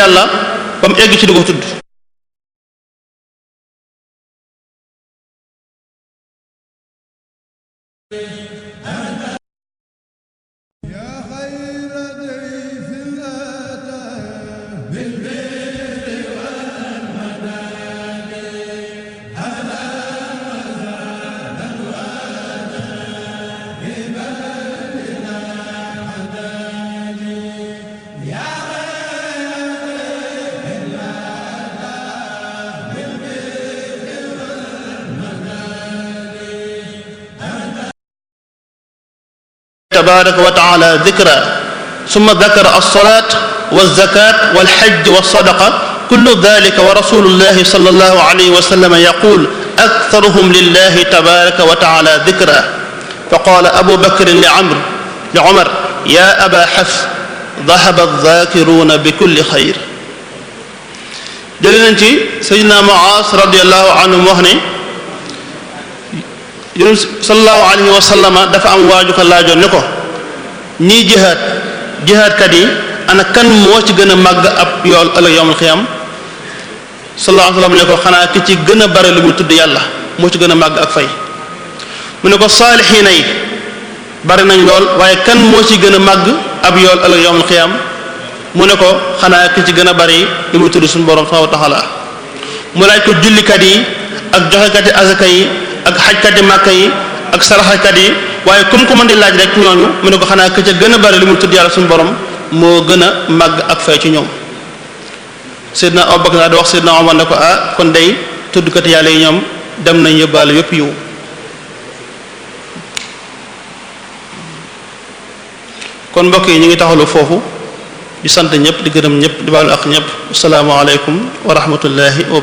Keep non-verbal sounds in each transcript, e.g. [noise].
yàlla ba mu egg ci du ko tudd tabaraka wa taala dikra summa dakara alsolaat walzakat walxajj walsadaqa kullu dalika wa rasulullahi sallallahu alayhi wa sallam yaqul aktaruhum lillahi tabaraka wa taala dikra fa qala abu bakrin li amr li omar ya aba xafs dahaba alzakiruuna bi kulli xayr jëli nañ ci sayyidina Muaaz radiyallahu anhu mu wax ne yonent sallallahu alayhi wa sallam dafa am waaju ko laajoon ne ko ñiy jihaad jihaadkat yi ana kan moo ci gën a màgg ab yool ëllëg yawmal xiyaam sallallahu alayhi wa ne ko xanaa ki ci gën a bare lu mu tudd yàlla moo ci gën a màgg ak fay mu ne ko saalixiina yi bari nañ lool waaye kan moo ci gën a màgg ab yool ëllëg yawmal xiyaam mu ne ko xanaa ki ci gën a bari lu mu tudd suñu borom subhanahu wa ta'ala mu laaj ko jullikat yi ak joxekat yi azaka yi ak xajkat yi yi ak saraxakat yi waaye comme ko mën di laaj rekk ñooñu mu ne ko xanaa ka ca gën a bari li mu tudd yàlla suñu borom moo gën a màgg ak fay ci ñoom Seydina Abu Bakr da wax naa Omar ne ko ah kon day tuddkat yàlla yi ñoom dem nañ yóbbaale yëpp yëw kon mbokk yi ñu ngi taxalu foofu di sant ñëpp di gërëm ñëpp di baalu ak ñëpp asalaamaaleykum wa rahmatullahi wa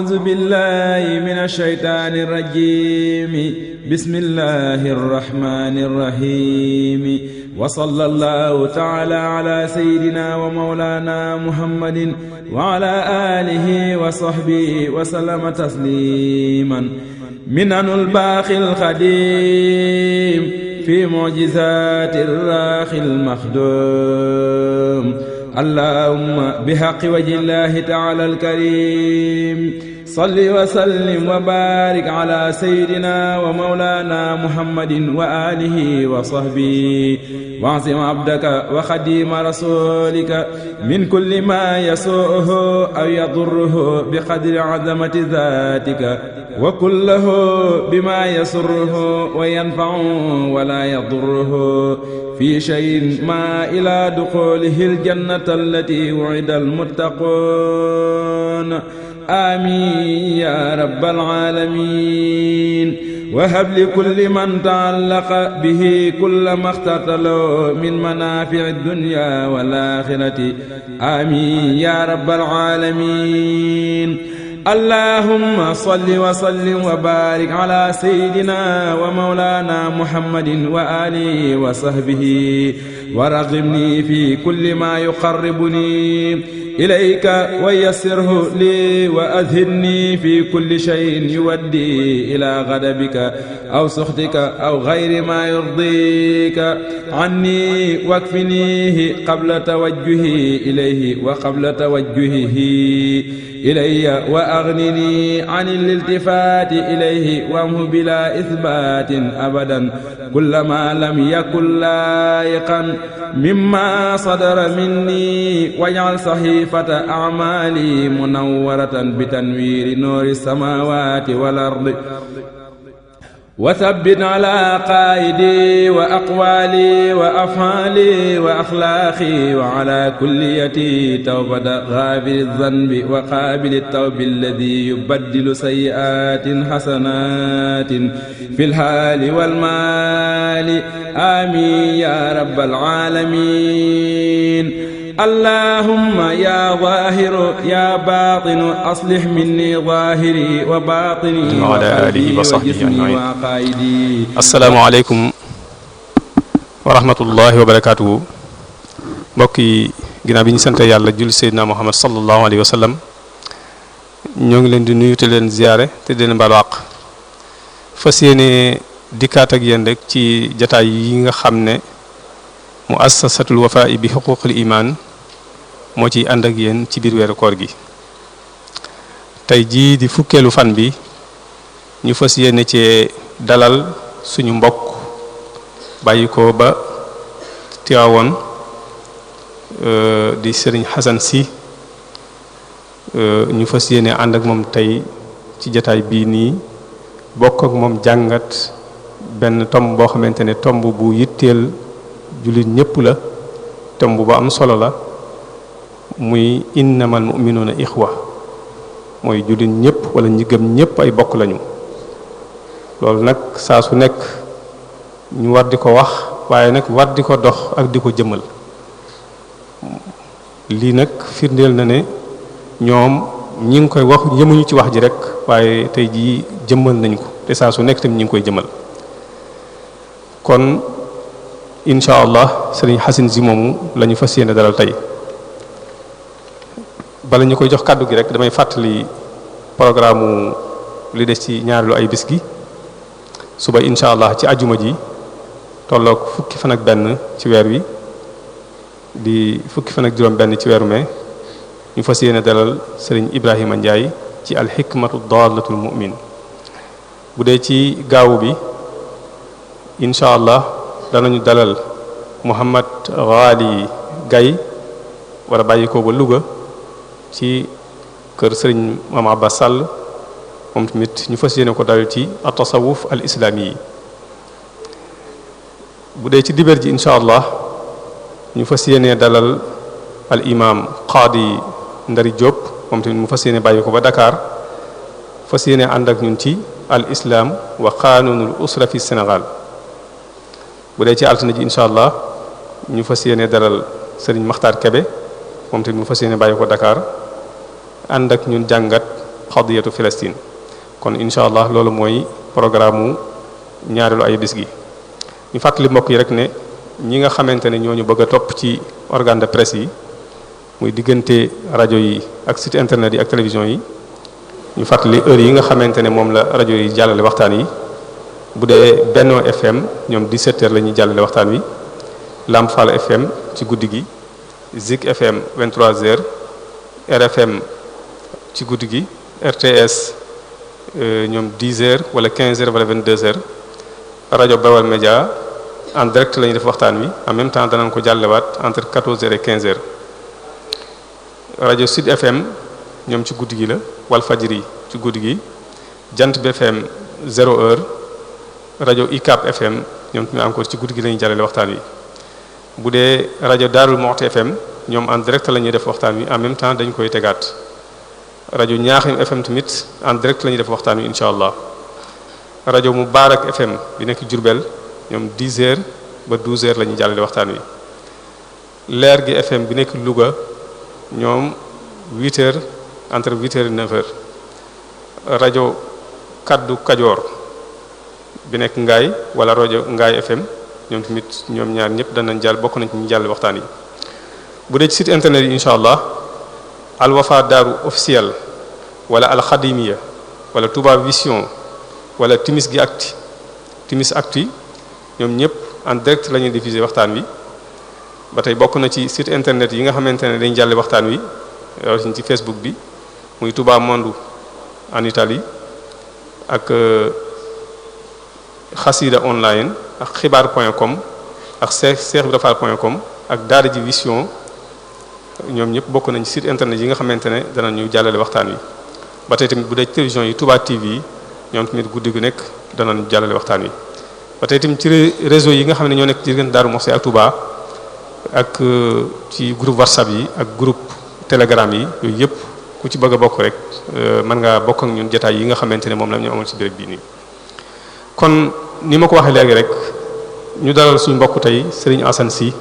أعوذ بالله من الشيطان الرجيم بسم الله الرحمن الرحيم وصلى الله تعالى على سيدنا ومولانا محمد وعلى آله وصحبه وسلم تسليما منن الباقي القديم في معجزات الراخي المخدوم allahumma bi haqqi wajillaahi taala alkarim salli wa sallim wa baarik ala sayyidina wa mawlaana muhammadin wa alihi wa sahbihi waasim abdaka wa xadiima rasulika min kulli ma yasuuhu aw yadurruhu bi qadri azamati zaatika wa kullahu bima yasurruhu wa yanfa'u wa la yadurruhu fi shay'in ma ila duqulihi aljannata allati wu'ida almuttaqun amin ya rabbal alamin وهب لكل من تعلق به كل ما اختتله من منافع الدنيا والآخرة آمين يا رب العالمين allahumma salli wa sallim wa baarik ala sayyidina wa mawlana muhammadin wa alihi wa sahbihi wa raghibni fi kulli ma yuqarribuni ilayka wa yassirhu lii wa adhibni fi kulli shay'in yuwaddi ila ghadabika aw suxtika aw ghayri ma yurdika anni wakfinihi qabla tawajjuhi ilayhi wa qabla tawajjuhihi ilayya wa aghnini anil iltifati ilayhi wamhu bila ithbatin abadan kullama lam yakun laayiqan mimma sadara minni wajal saxiifata amaali munawwaratan bi tanwiiri noori samaawaati wal ardi wa sabbin ala qaayidi wa aqwaali wa afaali wa axlaaqi wa ala kulliyati tawbata xaafiri zanbi wa qaabili tawbi alladi yubaddilu sayyi'aatin xasanaatin fil haali wal maali aamiin yaa rabbal aalamiin allahumma ya zaahiru ya minni zaahiri wa baatini wa qalbi wa jismi wa qaayidi assalaamu aleykum wa wa barakaatuhu mbokk yi ginnaaw bi ñu sant yàlla julli seydina muhammad sallallahu alayhi wa sallam ñoo ngi leen di nuyu leen ziyaare te di leen baal wàq fas yéene dikkaat ak yéen rek ci jataay yi nga xam ne muassasatul wafaa bi xuquqil iman moo ci ànd ak yéen ci biir weeru koor gi tey jii di fukkeelu fan bi ñu fas yéene cee dalal suñu mbokk bàyyi ba Tiwaawoon euh, di sëriñ Xasan si euh, ñu fas yéene ànd ak moom tey ci jataay bii nii bokk ak moom jàngat benn tomb boo xamante ne tomb bu yitteel jullit ñépp la tomb bu am solo la muy innamal mu'minuna ixwa mooy jullit ñépp wala njigam ñépp ay bokk lañu loolu nag saa su nekk ñu war di ko wax waaye nag war di ko dox ak di ko jëmal lii nag firndeel na ne ñoom ñi ngi koy wax yëmuñu ci wax ji rek waaye tey jii jëmal nañ ko te saa su nekk tamit ñi ngi koy jëmal kon incha allah sëriñ xasin si moomu la ñu fas yéene dalal tey bala ñu koy jox kàddu gi rek damay fàttali programme li des ci ñaareelu ay bis gi suba incha allah ci ajuma ji tolloog fukki fan benn ci weer wi di fukki fan ak juróom benn ci weeru mai ñu fas yéene dalal sëriñ Ibrahima Ndiaye ci alxikmatu daalatul mu'min bu dee ci gaawu bi incha allah danañu dalal Mouhamad Ghali gay wala bàyyi ko ba Louga ci kër sëriñ maam Abbas Sall moom tamit ñu fas yéene ko dal ci at-tasawuf al islaami yi bu dee ci dibeer ji incha allah ñu fas yéene dalal al imam qaadi Ndari Diop moom tamit mu fas yéene bàyyi ko ba dakaar fas yéene ànd ak ñun ci al islaam wa qanunul usra fi Sénégal bu dee ci altine ji incha allah ñu fas yéene dalal sëriñ Makhtar Kebe moom tamit mu fas yéene bàyyi ko Dakar. ànd ak ñun jàngat xadiyatu Filastin kon incha allah loolu mooy programme mu ñaareelu ay bis gi ñu fàttali mbokk yi rek ne ñi nga xamante ne ñu bëgg a topp ci organ de presse yi muy diggante rajo yi ak site internet yi ak télévision yi ñu fàttali heure yi nga xamante ne moom la rajo yi jàllale waxtaan yi bu dee Benno FM ñoom di h la ñuy jàllale waxtaan wi Lamp FM ci guddi gi Zik FM 23h RFM ci guddi gi RTS euh, ñoom 10 heures wala 15 heures wala 22 heures rajo Bawal Média en direct la ñuy def waxtaan wi en même temps danañ ko jàllewaat entre 14 heures et 15 heures rajo Sud FM ñoom ci guddi gi la Walf Fadjri ci guddi gi Jant BFM 0 heure rajo ICAP FM ñoom tamit encore ci guddi gi lañuy ñuy waxtaan wi bu dee rajo Darou Moukhty FM ñoom en direct la ñuy def waxtaan wi en même temps dañu koy tegaat. rajo ñaaxim FM tamit en direct la ñuy def waxtaan wi incha allah rajo mu Mubarak FM bi nekk Diourbel ñoom 10 heures ba 12 heures la ñuy jàllale waxtaan wi leer gi FM bi nekk Louga ñoom 8 heures entre 8 heures et rajo kaddu Kajoor bi nekk Ngaay walla rajo Ngaay FM ñoom tamit ñoom ñaar ñëpp danañ jaal bokk nañ ci ñu jàll waxtaan wi bu dee ci internet yi incha allah. al wafa daaru officiel wala al xadimiya wala Touba vision wala timis gi acti timis acti ñoom ñëpp en direct la ñuy diffuser waxtaan wi ba tey bokk na ci site internet yi nga xamante ne dañ jàlle waxtaan wi rawatina ci facebook bi muy Touba Monde en Italie ak euh, xasida online ak xibaar point com ak seex seex bi rafal comme ak daara ji vision ñoom ñëpp bokk nañ site internet yi nga xamante ne ñu jàllale waxtaan wi ba tey tamit bu dee télévision yi tubaa TV yi ñoom tamit guddi gu nekk danañu jàllale waxtaan wi ba tey tamit ci réseau yi nga xam ne ñoo nekk ci diggante Darou Moukhty ak Touba ak euh, ci groupe WhatsApp yi ak groupe Telegram yi yooyu yëpp ku ci bëgg a bokk rek euh, mën ngaa bokk ñun jotaay yi nga xamante ne moom la ñu amoon ci béréb bi nii. kon ni ma ko waxee léegi rek ñu dalal suñ mbokk tey Serigne assan si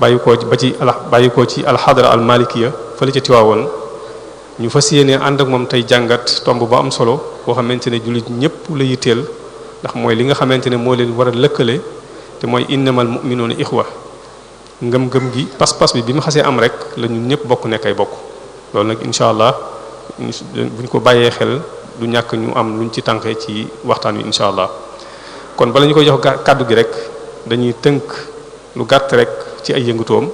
bàyyi ko ba ci al bàyyi koo ci alxadra al malikiya fële ca ñu fas yéene ànd ak moom tey jàngat tomb ba am solo boo xamante ne jullit ñëpp la yitteel ndax mooy li nga xamante ne moo leen war a lëkkale te mooy innamal mu'minuuna ixwa ngëm-ngëm gi pas-pas bi bi mu xasee am rek la ñun ñëpp nekk nekkay bokk loolu nag incha allah buñ ko bàyyee xel du ñàkk ñu am luñ ci tànk ci waxtaan wi incha allah kon bala ñu koy jox kàddu gi rek dañuy tënk lu gàtt rek. ci ay yëngutoom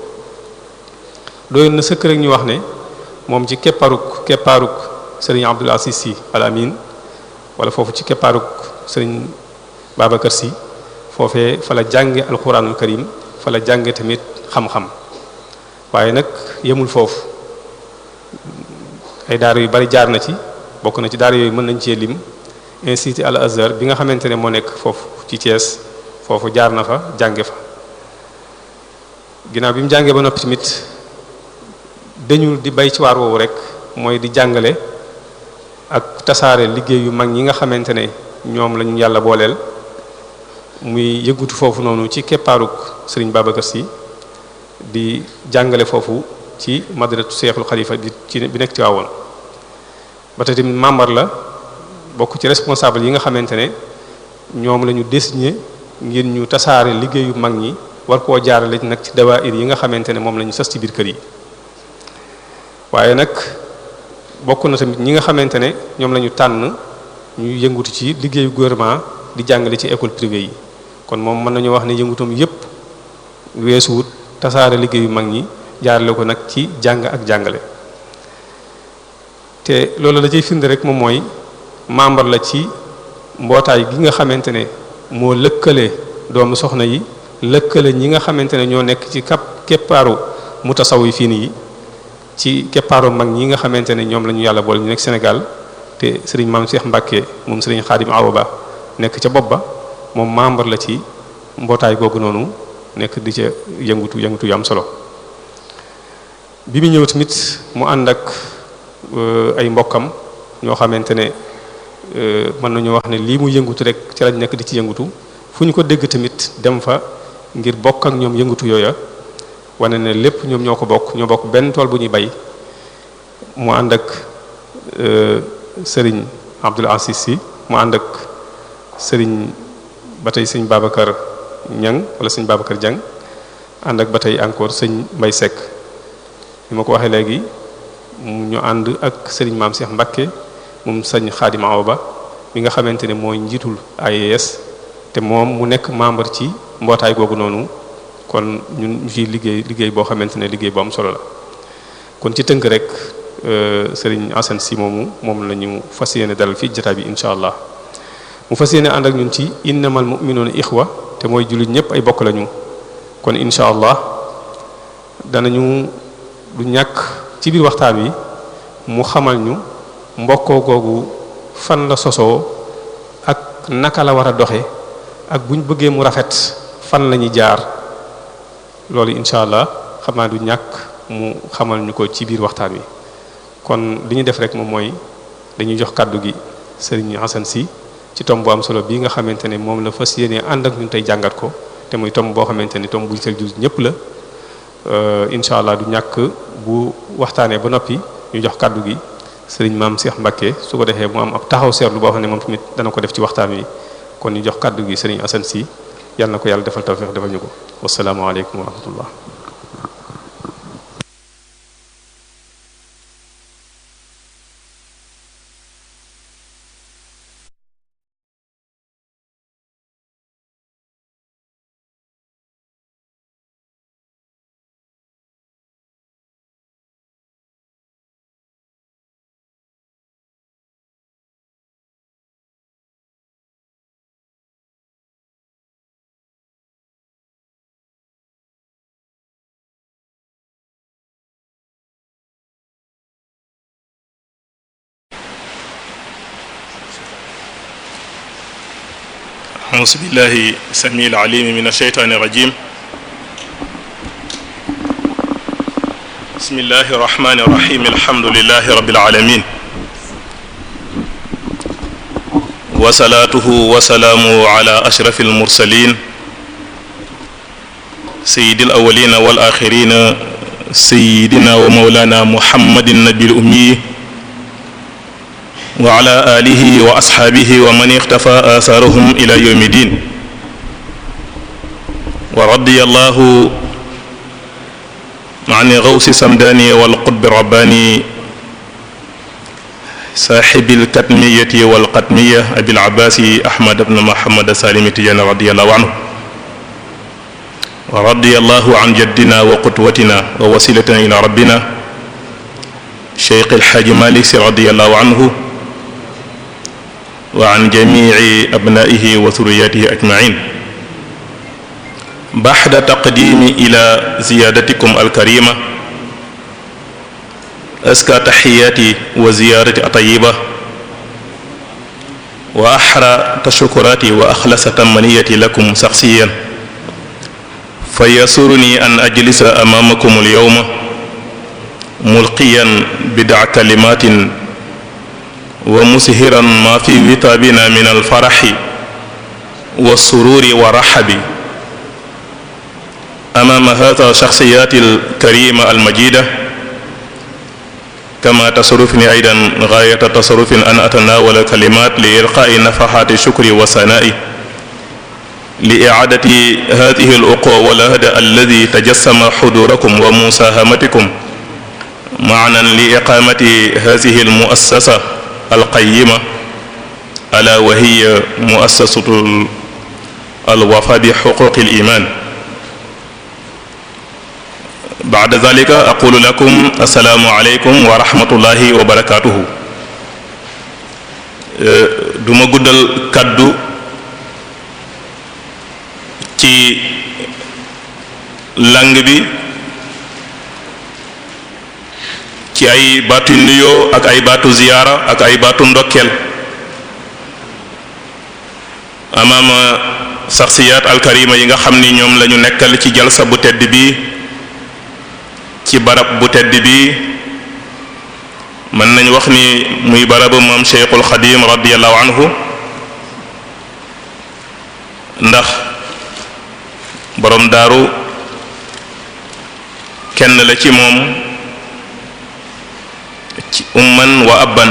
doyoon na sëkk rek ñu wax ne moom ci kepparuk kepparuk sëriñ Abdul Aziz Al Amin wala foofu ci kepparuk sëriñ Babacar Sy foofee fa la jànge alquranul karim fa la jànge tamit xam-xam waaye nag yemul foofu ay daara yu bari jaar na ci bokk na ci daara yooyu mën nañ cee lim institut Al Azhar bi nga xamante ne moo nekk foofu ci Thiès foofu jaar na fa jànge fa ginnaaw bi mu jàngee ba noppi tamit dañu di bay ci waar woowu rek mooy di jàngale ak tasaare liggéey yu mag ñi nga xamante ne ñoom lañu yàlla booleel muy yëgutu foofu noonu ci keppaaruk sëriñ Babacar Sy di jàngale foofu ci madratu Seexul Xalifa bi ci bi nekk ci waawoon ba tey membre la bokk ci responsable yi nga xamante ne ñoom lañu ñu désigné ngir ñu tasaare liggéey yu mag ñi war koo jaarale nag ci dawaayir yi nga xamante ne moom la ñu sas ci biir kër yi waaye nag bokk na tamit ñi nga xamante ne ñoom lañu tànn ñu yëngutu ci liggéeyu gouvernement di jàngale ci école privée yi kon moom mën nañu wax ne yëngutum yépp weesuwut tasaare liggéeyu mag ñi jaarale ko nag ci jàng ak jàngale te loolu la ciy firnde rek moom mooy membre la ci mbootaay gi nga xamante ne moo lëkkale doomu soxna yi lëkkale ñi nga xamante ne ñoo nekk ci kap keppaaru mu mutasawwifiin yi ci keppaaru mag ñi nga xamante ne ñoom la ñu yàlla boole ñu nekk Sénégal te sëriñ maam Cheikh Mbacke moom sëriñ Xaadim Awa Ba nekk ca bopp ba moom membre la ci mbootaay googu noonu nekk di ca yëngutu yëngutu am solo bi mu ñëw tamit mu ànd ak euh, ay mbokkam ñoo xamante ne euh, mën nañu wax ne lii mu yëngutu rek ci lañ nekk di ci yëngutu fu ñu ko dégg tamit dem fa ngir bokk ak ñoom yëngatu yooya wane na lépp ñoom ñoo ko bokk ñoo bokk benn tool bu ñuy bay mu ànd ak e, sëriñ Abdul Asis si mu ànd ak sëriñ ba tey sëñ Babacar Ñang wala sëñ Babacar Jang ànd ak ba tey encore sëñ Mbay Sekk li ma ko waxee léegi ñu ànd ak sëriñ maam Cheikh Mbakke moom sëñ Xaadim Awa Ba mi nga xamante ne mooy njiitul AES te moom mu nekk membre ci mbootaay googu noonu kon ñun ñu ciy liggéey liggéey boo xamante ne liggéey bu am solo la kon ci tënk rek euh, sëriñ Assane si moomu moom lañu ñu fas yéene dalal fii jotaay bi incha allah mu fas yéene ànd ak ñun ci innamal mu'minuuna ixwa te mooy jullit ñëpp ay bokk lañu kon incha allah dana ñu du ñàkk ci biir waxtaan wi mu xamal ñu mbokkoo googu fan la sosoo ak naka la war a doxe ak buñ bëggee mu rafet fan la ñuy jaar loolu incha allah xam naa du ñàkk mu xamal ñu ko ci biir waxtaan wi kon li ñu def rek moom mooy dañuy jox kàddu gi sëriñ Hasan si ci tom bu am solo bii nga xamante ne moom la fas yéenee ànd ak ñun tey jàngat ko te muy tom boo xamante ni tom buñ sel jus ñëpp la euh, incha allah du ñàkk bu waxtaanee ba noppi ñu jox kàddu gi sëriñ maam seex Mbacke su ko defee mu am ab taxaw seetlu boo xam ne moom tamit dana ko def ci waxtaan wi kon ñu jox kàddu gi sëriñ Hasan si yal na ko yàlla defal tawfiq defal ñu ko wassalaamu aleykum wa rahmatullah أعوذ بالله السميع العليم من الشيطان الرجيم بسم الله الرحمن الرحيم الحمد لله رب العالمين وصلاته وسلامه على أشرف المرسلين سيد الأولين والآخرين سيدنا ومولانا محمد النبي الأمي wa ala alihi wa asxaabihi wa man ixtafa asaarahum ila yawmi diin wa radiyallahu an gawsi samdaani wal qutbi rabbaani saaxibil katmiyati wal qatmiya abil abbaasi ahmad ibn muhammad saalimi tijaani radiyallahu anhu wa radiyallahu an jaddina wa qudwatina wa wasilatina ila rabbina cheikh alxaaji malik si radiyallahu anhu wa an jamici abnaihi wa suriyatihi ajmain baxda taqdimi ila ziyadatikum alkarima aska taxiyati wa ziyarati atayiba wa axra tashukurati wa axlasa tamaniyati lakum saxsiyan fa yasuruni an ajlisa amaamakum alyawma mulqiyan bidaa kalimatin wa mushiran ma fi witabina min alfaraxi wa sururi wa raxabi amaama hata shaxsiyaati alkarima almajida kama tasarufni aydan gaayata tasarufin an atanawala kalimat li ilqaai nafaxaati shukri wa sanaai li icaadati hadihi aluqwa walahda alladi tajassama xudurakum wa musahamatikum maanan li iqaamati hadihi almuassasa alqayima ala wa hiya muassasatu alwafa bi xuquqi aliman baada zalika aqulu lakum assalaamu aleykum wa rahmatullahi wa barakatuhu duma guddal kàddu ci langue bi ci ay baatu nuyoo ak ay baatu ziyaara ak ay baatu ndokkeel amaama saxsiyaat alkarima yi nga xam ni ñoom lañu nekkal ci jalsa bu tedd bi ci barab bu tedd bi mën nañ wax ni muy barabu moom cheikhul xadim radiallahu anhu ndax boroom daaru kenn la ci moom umman wa abban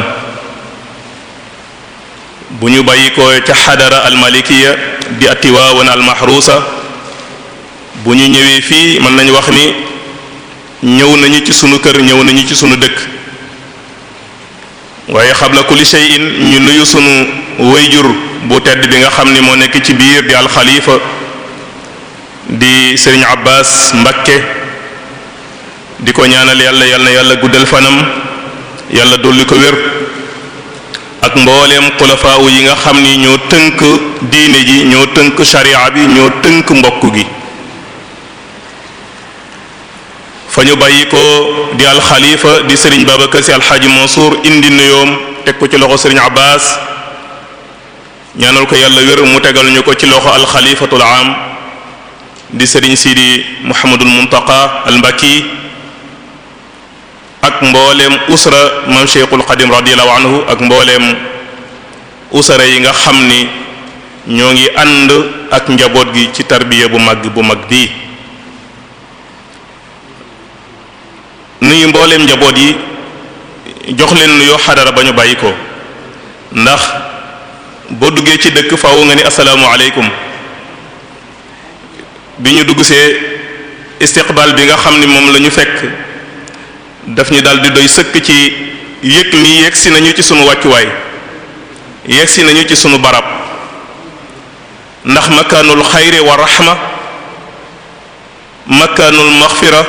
bu ñu bàyyi ko ca xadara almalikiya di atiwaawan almahruusa bu ñu ñëwee fii mën nañu wax ni ñëw nañu ci sunu kër ñëw nañu ci sunu dëkk waaye xabla kulli shay'in ñu nuyu sunu wayjur bu tedd bi nga xam ni moo nekk ci biir di alxalifa di sëriñ abbaas mbakke di ko ñaanal yàlla yàlla yàlla guddal fanam yàlla li ko wér ak mbooleem xulafaawu yi nga xam ni ñoo tënk diine ji ñoo tënk sharia bi ñoo tënk mbokk gi fa ñu bàyyi ko di alxalifa di sëriñ Babacar Sy alxaaji Mansour indi nuyoom teg ko ci loxo sëriñ Abbas ñaanal ko yàlla wér mu tegal ñu ko ci loxo alxalifatul am di sëriñ Sidi Mouhamadul Muntaqa al Mbaki ak mbooleem usra mam cheikhul xadim radiallahu anhu ak mbooleem usara yi nga xam ni ñoo ngi ànd ak njaboot gi ci tarbiya bu mag bu mag bii nuyu mbooleem njaboot yi jox leen nuyoo xadara ba ñu bàyyi ko ndax boo duggee ci dëkk faw nga ni asalaamualeykum bi ñu duggsee see bi nga xam ni moom la ñu fekk daf ñu daal di doy sëkk ci yëg ni yegg si nañu ci sunu wàccuwaay yegg si nañu ci sunu barab ndax makaanul xayri wa rahma makaanul maxfira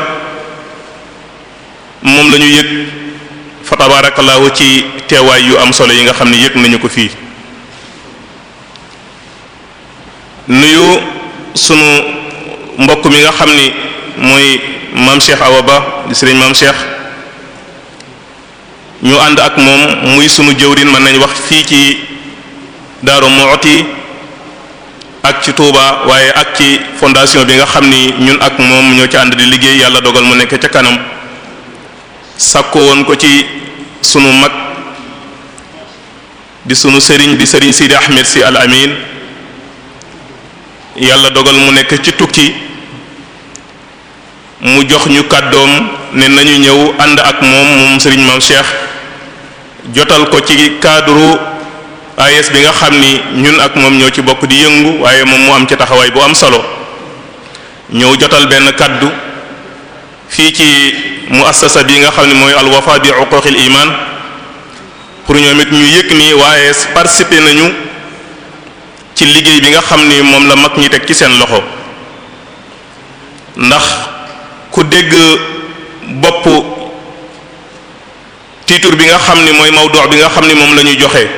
moom la ñu yëg fa tabarakallahu ci teewaay yu am solo yi nga xam ni yëg nañu ko fii nuyu sunu mbokk mi nga xam ni mooy maam Cheikh Awa Ba di sëriñ maam Cheikh ñu ànd ak moom muy sunu jëwrin mën nañ wax fii ci Daaru Muxti ak ci Touba waaye ak ci fondation bi nga xam ni ñun ak moom ñoo ci ànd di liggéey yàlla dogal mu nekk ca kanam sàkko woon ko ci sunu mag di sunu sëriñ di sëriñ Sidi Ahmed si al amin yàlla dogal mu nekk ci tukki mu jox ñu kàddoom ne nañu ñëw ànd ak moom moom sëriñ maam Cheikh jotal ko ci cadre AES bi nga xam ni ñun ak moom ñoo ci bokk di yëngu waaye moom mu am ci taxawaay bu am solo ñëw jotal benn kàddu fii ci muassasa bi nga xam ne mooy al wafa bi uquqil iman pour ñoom it ñu yëg ni waaye participé nañu ci liggéey bi nga xam ni moom la mag ñi teg ci seen loxo ndax ku dégg titre bi nga xam ni mooy mawdu bi nga xam ni moom la ñuy joxe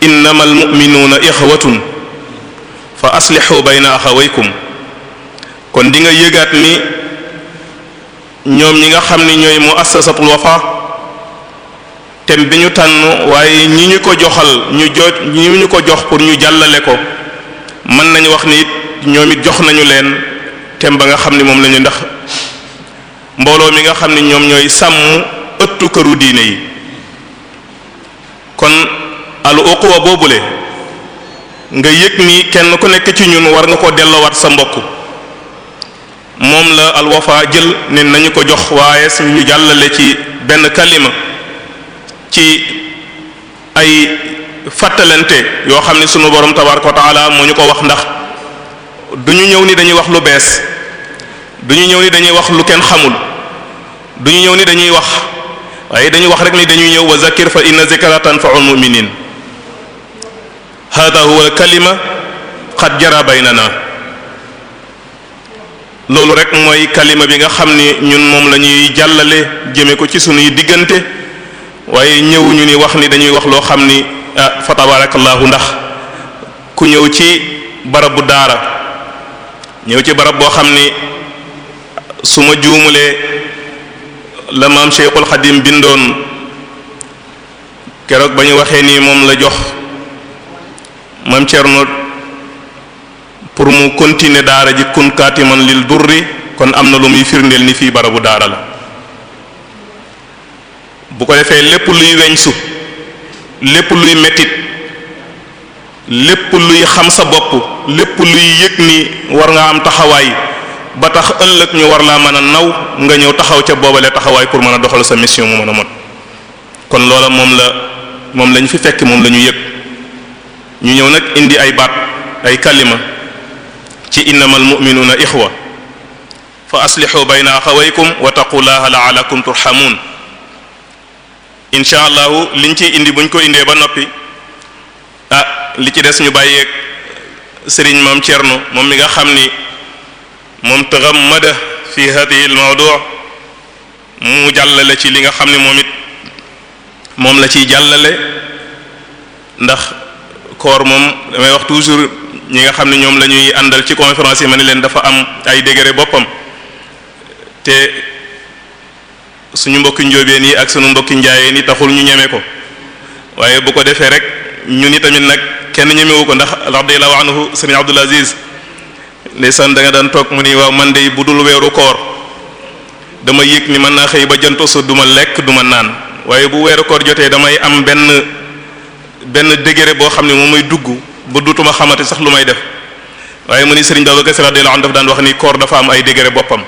innamal mu'minuuna ixwatun fa aslixu bayna axawaykum kon di nga yëgaat ni ñoom ñi nga xam ni ñooy mu assasatul wafa tem bi ñu tànn waaye ñi ñu ko joxal ñu jo ñi ñu ko jox pour ñu jàllale ko mën nañu wax ni it ñoom it jox nañu leen tem ba nga xam ni moom lañu ndax mbooloo mi nga xam ni ñoom ñooy sàmm ëttu këru diine yi kon al uquwa boobule nga yëg ni kenn ku nekk ci ñun war nga ko delloowaat sa mbokk moom la al wafa jël ne nañu ko jox waaye su jàllale ci benn kalima ci ay fàttalante yoo xam ne sunu borom tabaraka wa taala moo ñu ko wax ndax du ñu ñëw ni dañuy wax lu bees du ñu ñëw ni dañuy wax lu kenn xamul du ñu ñëw ni dañuy wax waaye dañuy wax rek ni dañuy ñëw wa zakir fa inna zikra tanfa'ul mu'minin hada huwa kalima qad jara baynana loolu rek mooy kalima bi nga xam ni ñun moom lañuy jàllale jëme ko ci suñuy diggante waaye ñëw ñu ni wax ni dañuy wax loo xam ni ah fa tabarakallahu ndax ku ñëw ci barabu daara ñëw ci barab boo xam ni su ma juumulee la maam Cheikhul Xadim bindoon keroog ba ñu waxee nii moom la jox maam Cerno pour mu continuer daara ji kun man lil durri kon am na lu muy firndeel ni fii barabu daara la bu ko defee lépp luy weñsu lépp luy metit lépp luy xam sa bopp lépp luy yëg ni war nga am taxawaay ba tax ëllëg ñu war laa mën a naw nga ñëw taxaw ca boobale taxawaay pour mën a doxal sa mission mu mën a kon loola moom la moom lañ fi fekk moom lañu ñu yëg ñu ñëw nag indi ay baat ay kalima ci innamal mu'minuna ixwa fa aslixu bayna axawaykum wa taqullaha la'allakum turhamun incha allahu liñ ci indi buñ ko indee ba noppi ah li ci des ñu bàyyeeg sëriñ maam Thierno moom mi nga xam ni moom tëxammada fi hadihi lmawdu mu jàllale ci li nga xam ne moom it moom la ciy jàllale ndax koor moom damay wax toujours ñi nga xam ne ñoom lañuy àndal ci conférence yi ma ne leen dafa am ay degré boppam te suñu mbokki njóobeen nii ak suñu mbokki njaayeen nii taxul ñu ñeme ko waaye bu ko defee rek ñu ni tamit nag kenn ñemewu ko ndax wax na anhu sëriñ Abdul Aziz ndeysaan da nga daan toog mu ni waaw man de bu dul weeru koor dama yëg ni man naa xëy ba jant su duma lekk duma naan waaye bu weeru koor jotee damay am benn benn degré boo xam ne moom muy dugg ba dutuma xamante sax lu may def waaye mu ni sëriñ Babacar Sy radiyallahu anhu daf daan wax ni koor dafa am ay degré boppam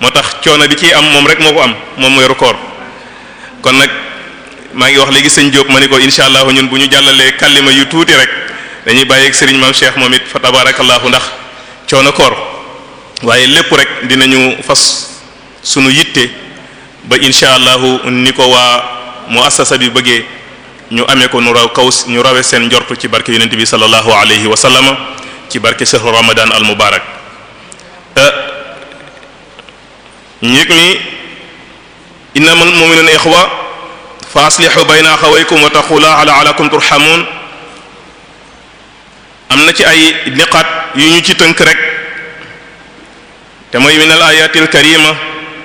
moo tax coono bi ciy am moom rek moo ko am moom weeru koor kon nag maa ngi wax léegi sëñ Diop ma ni ko incha allah ñun bu ñu jàllalee kàllima yu tuuti rek dañuy bàyyi ak sëriñ maam Cheikh moom it fa tabarakallahu ndax coono koor waaye lépp rek dinañu fas sunu yitte ba incha allahu ni ko waa muassasa bi bëggee ñu amee ko nu raw kaw ñu rawe seen njortu ci barke yonent bi sallallahu alayhi wa sallama ci barke sahru ramadan al mubarak euh, ñéeg mi innamal mu'minuna ikhwa fa aslihu bayna akhawaykum wa taqula ala alakum turhamun am na ci ay niqaat yu ñu ci tënk rek te mooy min al ayati al karima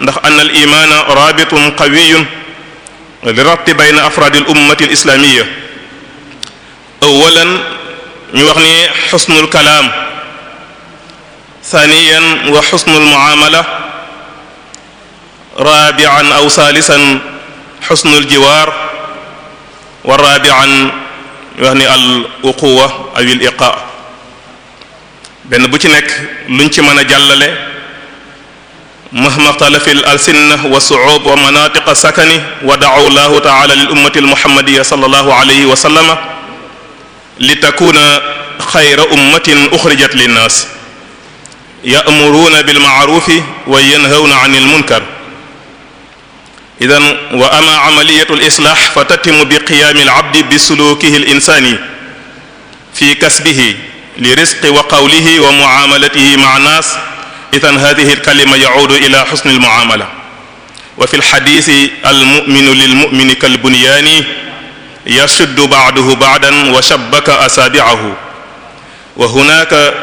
ndax an al imaana rabitun qawiyun li rabti bayna afraadi al ummati al islamiya awalan ñu wax ni xusnul kalaam thaniyan wa xusnul muamala rabian aw salisan xusnul jiwaar wa rabian ñu wax ni al uquwa aw al iqaa benn bu ci nekk luñ ci mën a jàllale mahmaxtalafil alsinna wa suub wa manatiqa sakani wa daaw llahu taala lil ummati almuhammadiya sallallahu alayhi wa sallama li takuna xayra ummatin uxrijat linnaas ya'muruuna bilma'ruufi wa yanhawna anil munkar idan wa ama amaliyatu lislaax fa tatimu bi qiyaami alabdi bi sulukihi alinsaani fi kasbihi li risqi wa qawlihi wa muamalatihi maa naas idan hadihi lkalima yacuudu ila xusni almuamala wa fi lxadisi almuminu lilmumini kalbunyaani yashuddu bacduhu bacdan wa shabbaka asaabicahu wa hunaka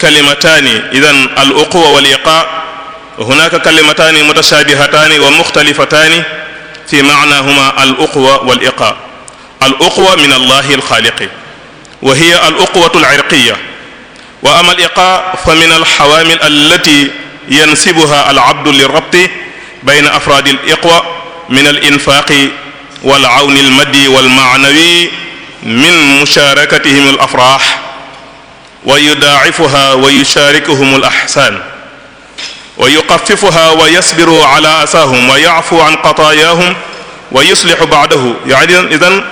kalimataani idan aluquwa waliqa wa hunaka kalimataani mutashaabihataani wa muxtalifataani fi macnahuma aluquwa waliqa aluquwa min allahi alxaaliqi wa hiya al uqwatu al irqiya wa ama al iqa fa min al xawaamil allati yansibuha al abdu li rabti bayna afraadi al iqwa min al infaaqi wal awni al maddi wal maanawi min musharakatihim al afraax wa yudaacifuha wa yusharikuhum al axsaan wa yuqafifuha wa yasbiru ala asaahum wa yacfu an qatayaahum wa yuslixu bacdahu idan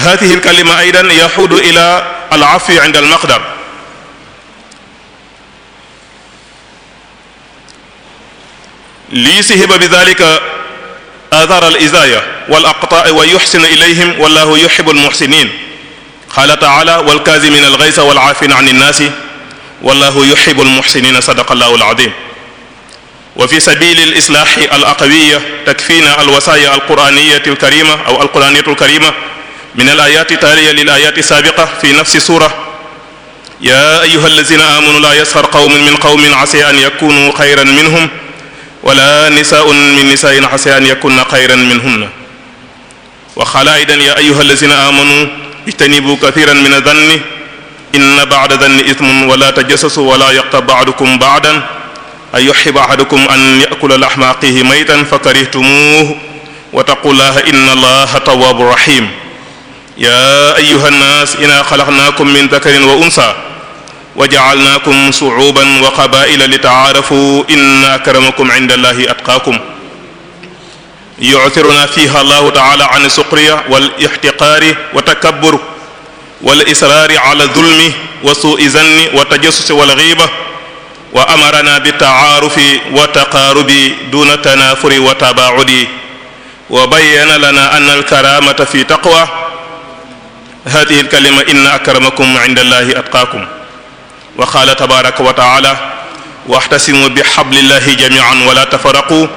hadihi alkalima aidan yaxudu ila alafwi inda almaqdar liyuzhiba bidalika athar alizaya walaqta'i wa yuxsina ilayhim wallahu yuhibbu almuxsinin qaala taala walkaazimin algaysa walcaafina an innaasi wallahu yuhibbu almuxsinina sadaqa allahu alazim wa fi sabili alislaahi alaqawiya takfiina alwasaaya alquraaniyati alkarima aw alquraaniyatu alkarima min al ayaati taaliya lil ayaati saabiqa fi nafsi suura yaa ayuha allazina aamanu laa yasxar qawmun min qawmin asa an yakunu xayran minhum wala nisaun min nisaain asa an yakunna xayran minhunna wa xalaa'idan yaa ayuha allazina aamanu ijtanibu kathiran min adanni inna ba'da danni ithmun wala tajassasu wala yaqtab ba'dukum ba'dan ayuhibbu ahadukum an ya'kula lahma axiihi maytan fakarihtumuuhu wattaqullaha inna allaha tawwaabun rahiim yaa ayyuha annaas inaa xalaqnaakum min dakarin wa unsa wa jacalnaakum sucuuban wa qabaa'ila litacaarafu inna akramakum cinda allahi atqaakum yuctiruna fiha allahu taala an suqriya wal ixtiqaari wa takabbur wal israari ala dulmi wa suui zanni wa tajassusi wal giiba wa amarana bitacaarufi wa taqaarubi duna tanaafuri wa tabaacudi wa bayyana lana anna alkaraamata fi taqwa hadihi alkalima inna akramakum inda allahi atqaakum wa qaala tabaraka wa taala waxtasimu bi xablillahi jamian wala tafaraqu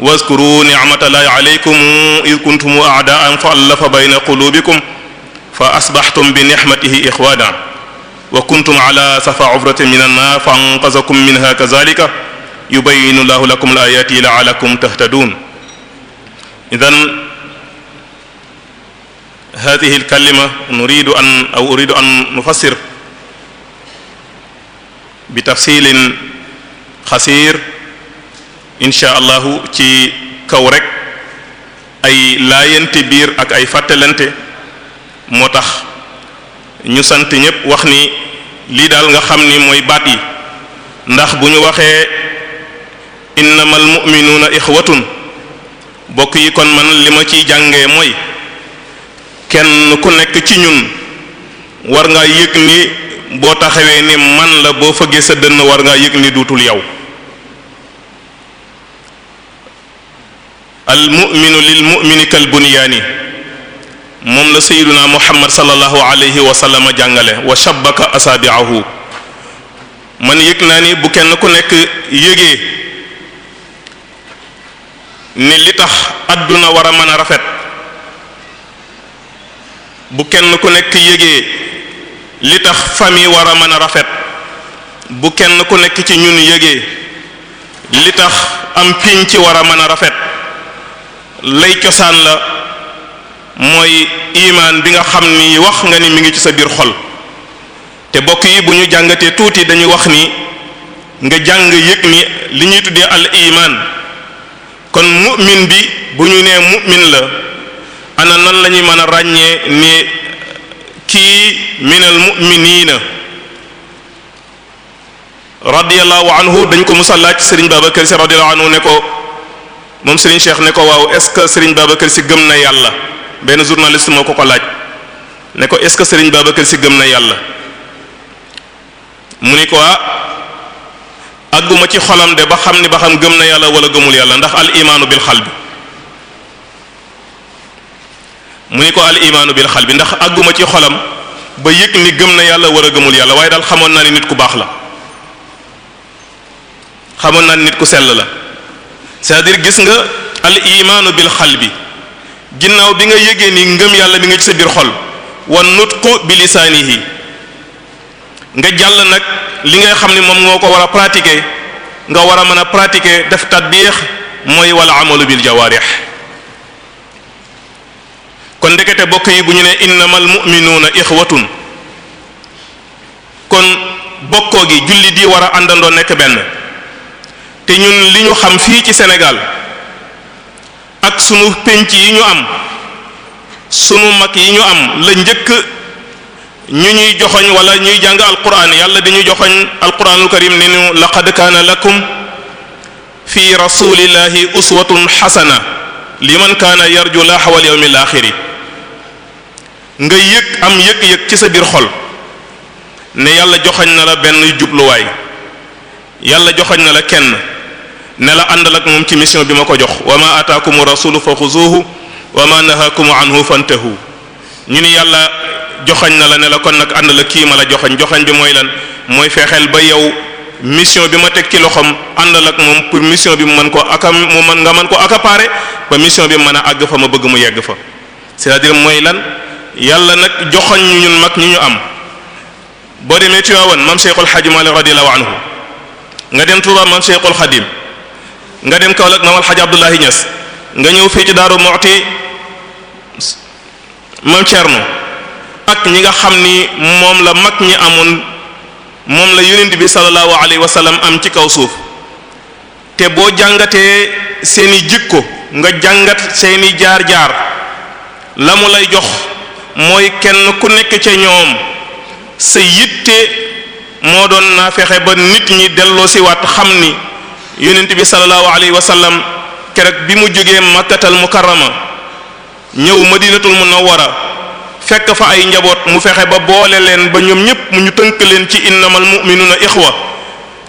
waskuru nicmatallahi alaykum id kuntum aadaan fa allafa bayna qulubikum fa asbaxtum bi nixmatihi ixwaana wa kuntum ala safa ufratin min annaar fa anqazakum minha kazalika yubayinu llahu lakum al ayaati laalakum tahtadun idan hadihi alkalima nuridu an aw uridu an nufassir bi tafsilin xasir insha allahu ci kaw rekk ay laayante biir ak ay fàttalante moo tax ñu sant ñépp wax ni lii daal nga xam ni mooy baat yi ndax bu ñu waxee innamal mu'minuuna ixwatun bokk yi kon man li ma ciy jàngee mooy kenn ku nekk ci ñun war ngaa yëg ni boo taxawee ni man la boo fëggee sa dënn war ngaa yëg ni duutul yow al muminu lil mumini kal bunyaani moom la sayiduna muhammad sallallahu alayhi wa sallam jàngale wa shabbaka asaabiahu man yëg naa ni bu kenn ku nekk yëgee ni li tax àdduna war a mën a rafet bu kenn ku nekk yëgee li tax famille war a mën a rafet bu kenn ku nekk ci ñun yëgee li tax am piñ ci war a mën a rafet lay cosaan la mooy imaan bi nga xam ni wax nga ni mi ngi ci sa biir xol te bokk yi bu ñu jàngatee tuuti dañuy wax ni nga jàng yëg ni li ñuy tuddee al imaan kon mu'min bi bu ñu nee mu'min la ana nan lañuy man a ràññee ni kii minal mu'miniina radiallahu anhu dañ ko musa laaj sëriñ Babacar si radiallahu anhu ne ko moom sëriñ Cheikh ne ko waaw est-ce que sëriñ Babacar si gëm na yàlla benn journaliste moo ko ko laaj ne ko est-ce que sëriñ Babacar si gëm na yàlla mu ni ko ah àgguma ci xolam de ba xam ni ba xam gëm na yàlla wala gëmul yàlla ndax al imaanu bil xal bi mu ni ko al imaanu bil xal bi ndax àgguma ci xolam ba yëg ni gëm na yàlla war a gëmul yàlla waaye daal xamoon naa ni nit ku baax la xamoon naa ni nit ku sell la cest à gis nga al imaanu bil xal bi ginnaaw bi nga yëgee ni ngëm yàlla bi nga ci sa biir xol wan nutqu bi lisaanihi nga jàll nag li ngay xam ne moom moo ko war a pratiquer nga war a mën a pratiquer def tatbiix mooy wala amalu bil jawaarix kon ndekete bokk yi bu ñu ne innamal mu'minuuna ixwatun kon bokkoo gi julli di war a àndandoo nekk benn te ñun li ñu xam fii ci Sénégal ak sunu pénc yi ñu am sunu mag yi ñu am la njëkk ñu ñuy joxoñ wala ñuy jàng alquran yàlla di ñu joxoñ alquranul karim ni ñu laqad kaana lakum fi rasulillahi uswatun xasana liman kaana yarju laaxa wal yawmil axiri nga yëg am yëg-yëg ci sa biir xol ne yàlla joxañ na la benn jubluwaay yàlla joxañ na la kenn ne la àndal ak moom ci mission bi ma ko jox wa ma ataakumu rasulu fa xuzuhu wa ma nahakumu anhu fantahu ñu ni yàlla joxañ na la ne la kon nag ànd la kii ma la joxañ joxañ bi mooy lan mooy fexeel ba yow mission bi ma teg ci loxoom àndal ak moom pour mission bi mu mën ko aka mu mën nga mën ko accaparer ba mission bi mën a àgg fa ma bëgg mu yegg fa cest yàlla nag joxoñ ñu ñun mag ñu ñu am boo demee Tiwaawan maam Cheikhul Xadim Maalik radiyallahu anhu nga dem Touba maam Cheikhul Xadim nga dem Kaolack maam Alxaji Abdullahi Niass nga ñëw fii ci Daaru Muxti maam Thierno ak ñi nga xam ni moom la mag ñi amoon moom la yonent bi sallallahu alayhi wa sallam am ci kaw suuf te boo jàngatee seeni jikko nga jàngat seeni jaar-jaar la mu lay jox mooy kenn ku nekk ca ñoom sa yitte moo doon na fexe ba nit ñi delloosiwaat xam ni yonent bi sallallahu alayhi wa sallam keroog bi mu jógee makkatal mukarrama ñëw ma na munawwara fekk fa ay njaboot mu fexe ba boole leen ba ñoom ñépp mu ñu tënk leen ci innamal mu'minuna ixwa